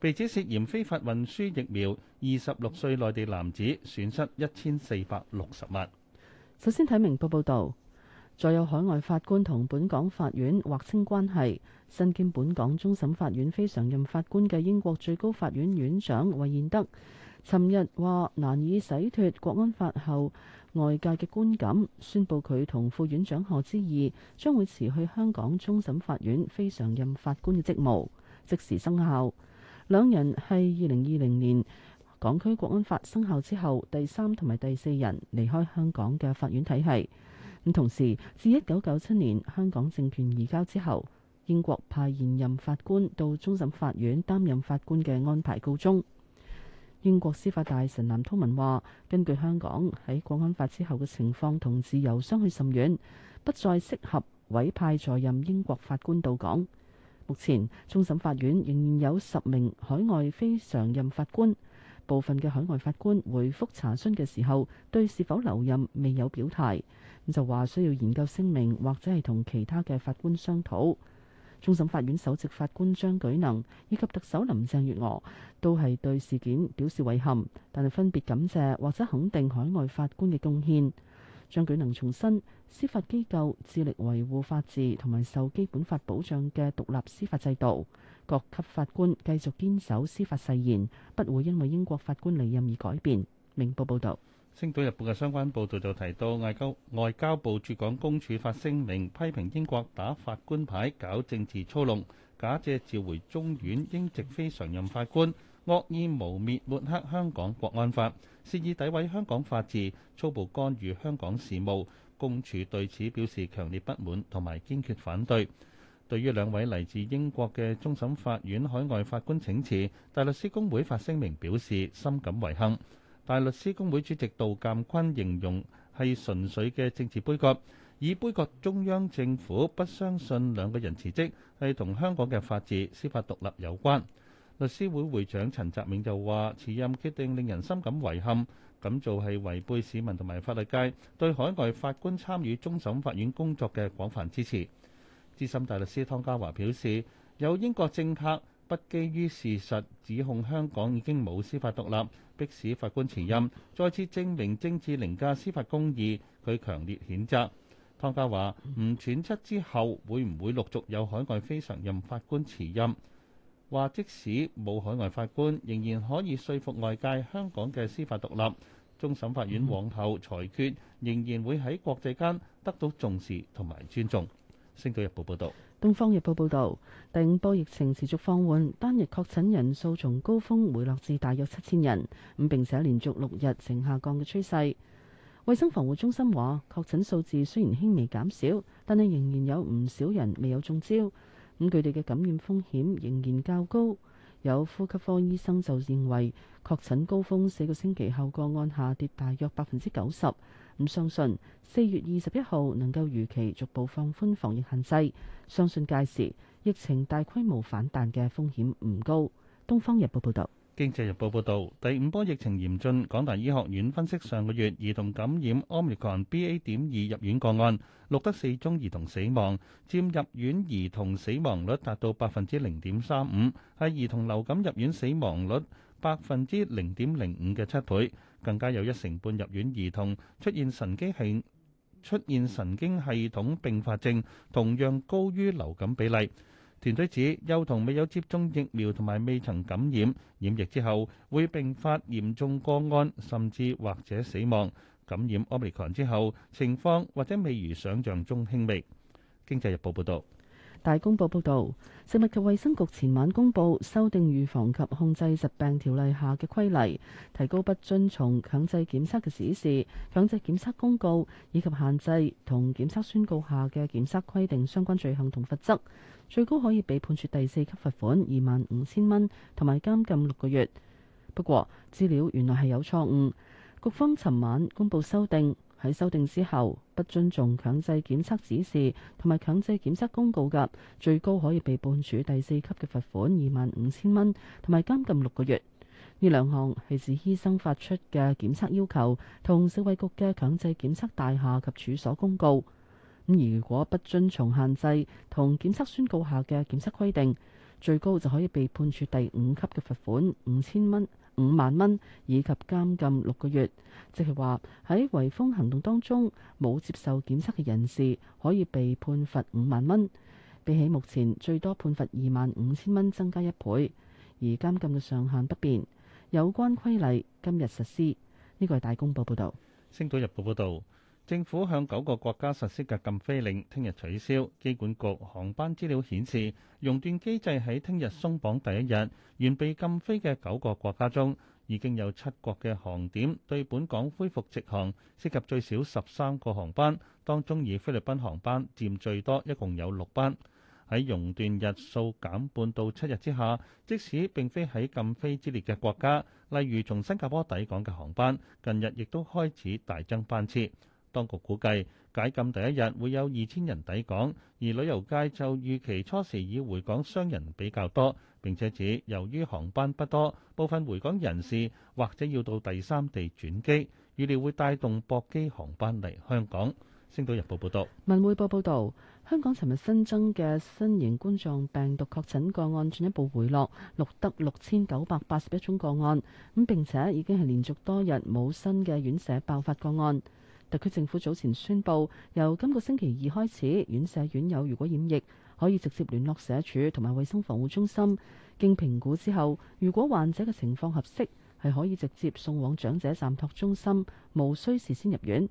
被指涉嫌非法運輸疫苗，二十六歲內地男子損失一千四百六十萬。首先睇明報報道，再有海外法官同本港法院劃清關係，身兼本港終審法院非常任法官嘅英國最高法院院長韋彥德，尋日話難以洗脫國安法後外界嘅觀感，宣布佢同副院長賀知義將會辭去香港終審法院非常任法官嘅職務，即時生效。兩人係二零二零年港區國安法生效之後第三同埋第四人離開香港嘅法院體系。咁同時，自一九九七年香港政權移交之後，英國派現任法官到終審法院擔任法官嘅安排告終。英國司法大臣藍韜文話：根據香港喺國安法之後嘅情況同自由相去甚遠，不再適合委派在任英國法官到港。目前，終審法院仍然有十名海外非常任法官。部分嘅海外法官回覆查詢嘅時候，對是否留任未有表態，咁就話需要研究聲明或者係同其他嘅法官商討。終審法院首席法官張舉能以及特首林鄭月娥都係對事件表示遺憾，但係分別感謝或者肯定海外法官嘅貢獻。張舉能重申：司法機構致力維護法治同埋受基本法保障嘅獨立司法制度。各級法官繼續堅守司法誓言，不會因為英國法官離任而改變。明報報道，星島日報嘅相關報導就提到，外交外交部駐港公署發聲明批評英國打法官牌搞政治操弄，假借召回中院英籍非常任法官，惡意污蔑抹黑香港國安法，肆意詆毀香港法治，粗暴干預香港事務。公署對此表示強烈不滿同埋堅決反對。對於兩位嚟自英國嘅終審法院海外法官請辭，大律師公會發聲明表示深感遺憾。大律師公會主席杜鑑坤形容係純粹嘅政治杯葛，以杯葛中央政府不相信兩個人辭職係同香港嘅法治、司法獨立有關。律師會會長陳澤銘就話：辭任決定令人深感遺憾，咁做係違背市民同埋法律界對海外法官參與終審法院工作嘅廣泛支持。資深大律師湯家驊表示，有英國政客不基於事實指控香港已經冇司法獨立，迫使法官辭任，再次證明政治凌駕司法公義，佢強烈譴責。湯家驊：唔揣測之後，會唔會陸續有海外非常任法官辭任？話即使冇海外法官，仍然可以説服外界香港嘅司法獨立。終審法院往後裁決仍然會喺國際間得到重視同埋尊重。星島日報報道，東方日報報道，第五波疫情持續放緩，單日確診人數從高峰回落至大約七千人，咁並且連續六日呈下降嘅趨勢。衛生防護中心話，確診數字雖然輕微減少，但係仍然有唔少人未有中招。咁佢哋嘅感染風險仍然較高，有呼吸科醫生就認為確診高峰四個星期後個案下跌大約百分之九十。咁相信四月二十一號能夠如期逐步放寬防疫限制，相信屆時疫情大規模反彈嘅風險唔高。《東方日報》報道。經濟日報報導，第五波疫情嚴峻，港大醫學院分析上個月兒童感染 Omicron BA.2 入院個案，錄得四宗兒童死亡，佔入院兒童死亡率達到百分之零點三五，係兒童流感入院死亡率百分之零點零五嘅七倍，更加有一成半入院兒童出現神經系、出現神經系統併發症，同樣高於流感比例。團隊指幼童未有接種疫苗同埋未曾感染染疫之後，會並發嚴重個案，甚至或者死亡。感染 Omicron 之後，情況或者未如想像中輕微。經濟日報報導，大公報報導。食物及衞生局前晚公布修訂預防及控制疾病條例下嘅規例，提高不遵從強制檢測嘅指示、強制檢測公告以及限制同檢測宣告下嘅檢測規定相關罪行同罰則，最高可以被判處第四級罰款二萬五千蚊同埋監禁六個月。不過資料原來係有錯誤，局方尋晚公布修訂。喺修訂之後，不遵從強制檢測指示同埋強制檢測公告嘅，最高可以被判處第四級嘅罰款二萬五千蚊，同埋監禁六個月。呢兩項係指醫生發出嘅檢測要求同食衞局嘅強制檢測大廈及處所公告。咁如果不遵從限制同檢測宣告下嘅檢測規定，最高就可以被判處第五級嘅罰款五千蚊五萬蚊以及監禁六個月，即係話喺圍封行動當中冇接受檢測嘅人士可以被判罰五萬蚊，比起目前最多判罰二萬五千蚊增加一倍，而監禁嘅上限不變。有關規例今日實施，呢個係大公報報導，《星島日報》報道。政府向九個國家實施嘅禁飛令，聽日取消。機管局航班資料顯示，熔斷機制喺聽日鬆綁第一日，原被禁飛嘅九個國家中，已經有七國嘅航點對本港恢復直航，涉及最少十三個航班，當中以菲律賓航班佔最多，一共有六班。喺熔斷日數減半到七日之下，即使並非喺禁飛之列嘅國家，例如從新加坡抵港嘅航班，近日亦都開始大增班次。當局估計解禁第一日會有二千人抵港，而旅遊界就預期初時以回港商人比較多，並且指由於航班不多，部分回港人士或者要到第三地轉機，預料會帶動駁機航班嚟香港。星島日報報道，文匯報報道，香港尋日新增嘅新型冠狀病毒確診個案進一步回落，錄得六千九百八十一宗個案，咁並且已經係連續多日冇新嘅院舍爆發個案。特區政府早前宣布，由今個星期二開始，院舍院友如果染疫，可以直接聯絡社署同埋衞生防護中心，經評估之後，如果患者嘅情況合適，係可以直接送往長者暫托中心，無需事先入院。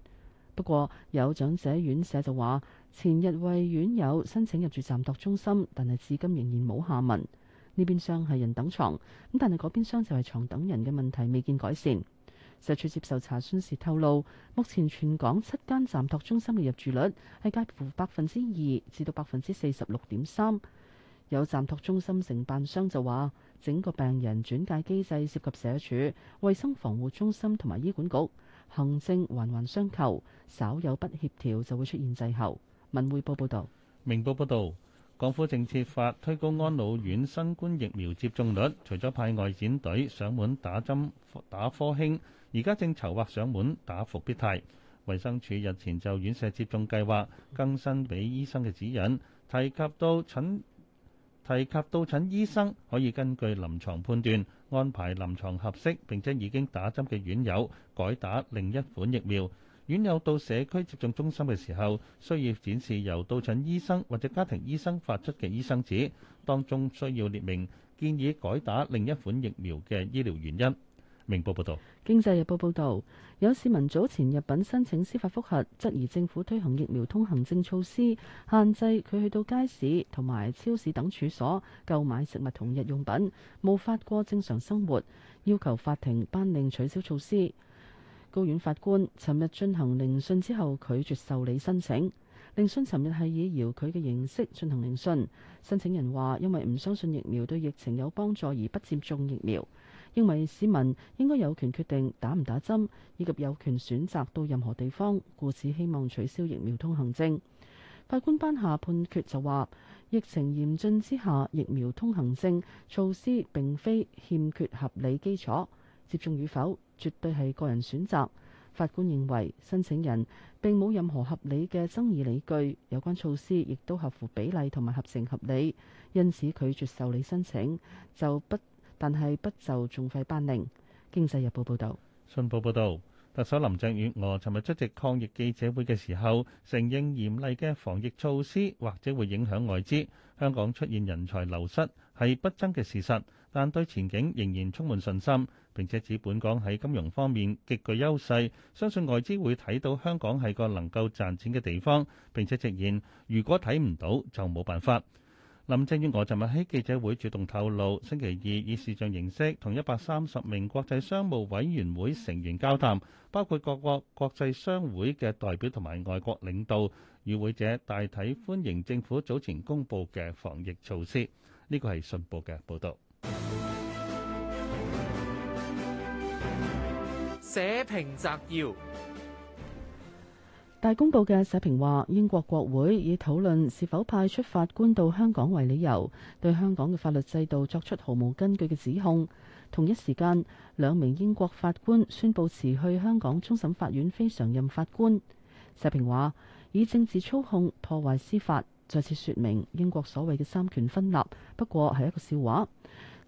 不過，有長者院舍就話，前日為院友申請入住暫托中心，但係至今仍然冇下文。呢邊廂係人等床，咁但係嗰邊廂就係床等人嘅問題，未見改善。社署接受查詢時透露，目前全港七間暫託中心嘅入住率係介乎百分之二至到百分之四十六點三。有暫託中心承辦商就話，整個病人轉介機制涉及社署、衞生防護中心同埋醫管局，行政環環相扣，稍有不協調就會出現滯後。文匯報報道。明報報道，港府政策法推高安老院新冠疫苗接種率，除咗派外展隊上門打針打科興。而家正籌劃上門打伏必泰。衞生署日前就院舍接種計劃更新俾醫生嘅指引，提及到診提及到診醫生可以根據臨床判斷安排臨床合適並且已經打針嘅院友改打另一款疫苗。院友到社區接種中心嘅時候，需要展示由到診醫生或者家庭醫生發出嘅醫生紙，當中需要列明建議改打另一款疫苗嘅醫療原因。明報報導，《經濟日報》報道，有市民早前入稟申請司法覆核，質疑政府推行疫苗通行證措施，限制佢去到街市同埋超市等處所購買食物同日用品，無法過正常生活，要求法庭頒令取消措施。高院法官尋日進行聆訊之後，拒絕受理申請。聆訊尋日係以搖佢嘅形式進行聆訊。申請人話：因為唔相信疫苗對疫情有幫助，而不接種疫苗。認為市民應該有權決定打唔打針，以及有權選擇到任何地方，故此希望取消疫苗通行證。法官頒下判決就話：疫情嚴峻之下，疫苗通行證措施並非欠缺合理基礎。接種與否，絕對係個人選擇。法官認為申請人並冇任何合理嘅爭議理據，有關措施亦都合乎比例同埋合情合理，因此拒絕受理申請就不。但係不就重廢班令，《經濟日報》報道。《信報》報道，特首林鄭月娥尋日出席抗疫記者會嘅時候，承認嚴厲嘅防疫措施或者會影響外資，香港出現人才流失係不爭嘅事實，但對前景仍然充滿信心。並且指本港喺金融方面極具優勢，相信外資會睇到香港係個能夠賺錢嘅地方。並且直言，如果睇唔到就冇辦法。林鄭月娥尋日喺記者會主動透露，星期二以視像形式同一百三十名國際商務委員會成員交談，包括各國國際商會嘅代表同埋外國領導與會者，大體歡迎政府早前公布嘅防疫措施。呢個係信報嘅報道。社評摘要。大公報嘅社評話：英國國會以討論是否派出法官到香港為理由，對香港嘅法律制度作出毫無根據嘅指控。同一時間，兩名英國法官宣布辭去香港終審法院非常任法官。社評話：以政治操控破壞司法，再次說明英國所謂嘅三權分立不過係一個笑話。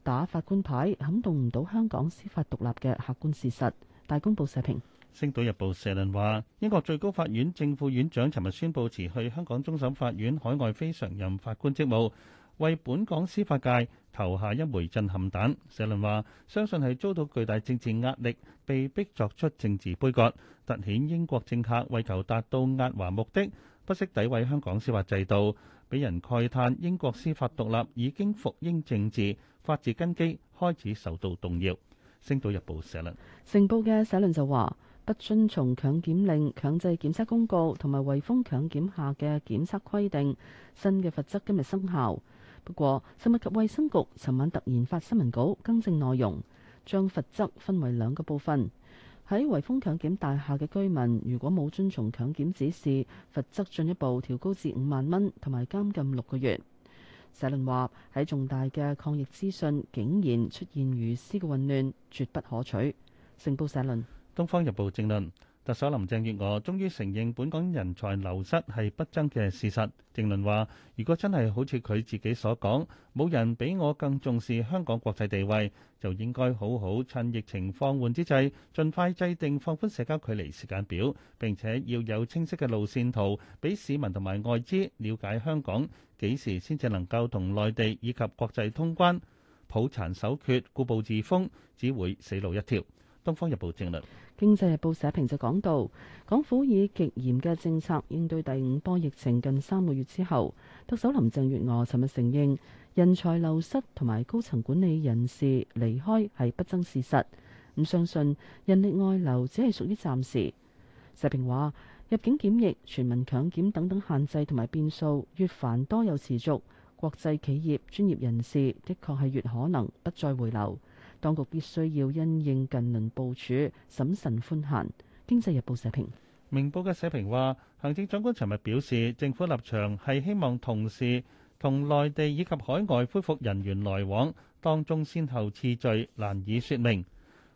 打法官牌撼動唔到香港司法獨立嘅客觀事實。大公報社評。星島日報社論話：英國最高法院正副院長尋日宣布辭去香港終審法院海外非常任法官職務，為本港司法界投下一枚震撼彈。社論話：相信係遭到巨大政治壓力，被逼作出政治杯葛，凸顯英國政客為求達到壓華目的，不惜詆毀香港司法制度，俾人慨嘆英國司法獨立已經服膺政治，法治根基開始受到動搖。星島日報社論，成報嘅社論就話。不遵從強檢令、強制檢測公告同埋圍封強檢下嘅檢測規定，新嘅罰則今日生效。不過，食物及衛生局尋晚突然發新聞稿更正內容，將罰則分為兩個部分。喺圍封強檢大廈嘅居民，如果冇遵從強檢指示，罰則進一步調高至五萬蚊，同埋監禁六個月。社論話，喺重大嘅抗疫資訊，竟然出現如斯嘅混亂，絕不可取。成報社論。《東方日報》正論：特首林鄭月娥終於承認本港人才流失係不爭嘅事實。正論話：如果真係好似佢自己所講，冇人比我更重視香港國際地位，就應該好好趁疫情放緩之際，盡快制定放寬社交距離時間表，並且要有清晰嘅路線圖，俾市民同埋外資了解香港幾時先至能夠同內地以及國際通關。抱殘守缺、固步自封，只會死路一條。《東方日報》正論。經濟日報社評就講到，港府以極嚴嘅政策應對第五波疫情近三個月之後，特首林鄭月娥尋日承認人才流失同埋高層管理人士離開係不爭事實。唔相信人力外流只係屬於暫時。社評話，入境檢疫、全民強檢等等限制同埋變數越繁多又持續，國際企業專業人士的確係越可能不再回流。當局必須要因應近輪部署，審慎寬限。經濟日報社評，明報嘅社評話，行政長官尋日表示，政府立場係希望同時同內地以及海外恢復人員來往，當中先後次序難以説明。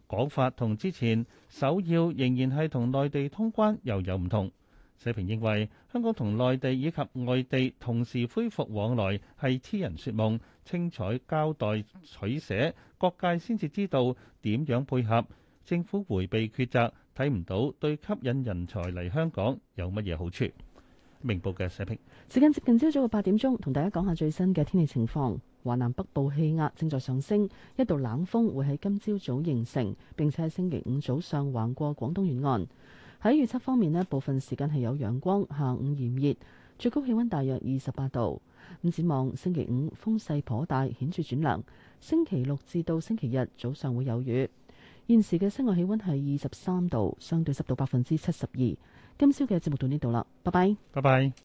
講法同之前首要仍然係同內地通關又有唔同。社評認為，香港同內地以及外地同時恢復往來係痴人說夢。清彩交代取捨，各界先至知道點樣配合政府。回避抉擇，睇唔到對吸引人才嚟香港有乜嘢好處。明報嘅社評。時間接近朝早嘅八點鐘，同大家講下最新嘅天氣情況，華南北部氣壓正在上升，一道冷風會喺今朝早，早形成，並且喺星期五早上橫過廣東沿岸。喺預測方面呢，部分時間係有陽光，下午炎熱，最高氣溫大約二十八度。咁展望星期五風勢頗大，顯著轉涼。星期六至到星期日早上會有雨。現時嘅室外氣溫係二十三度，相對濕度百分之七十二。今朝嘅節目到呢度啦，拜拜。拜拜。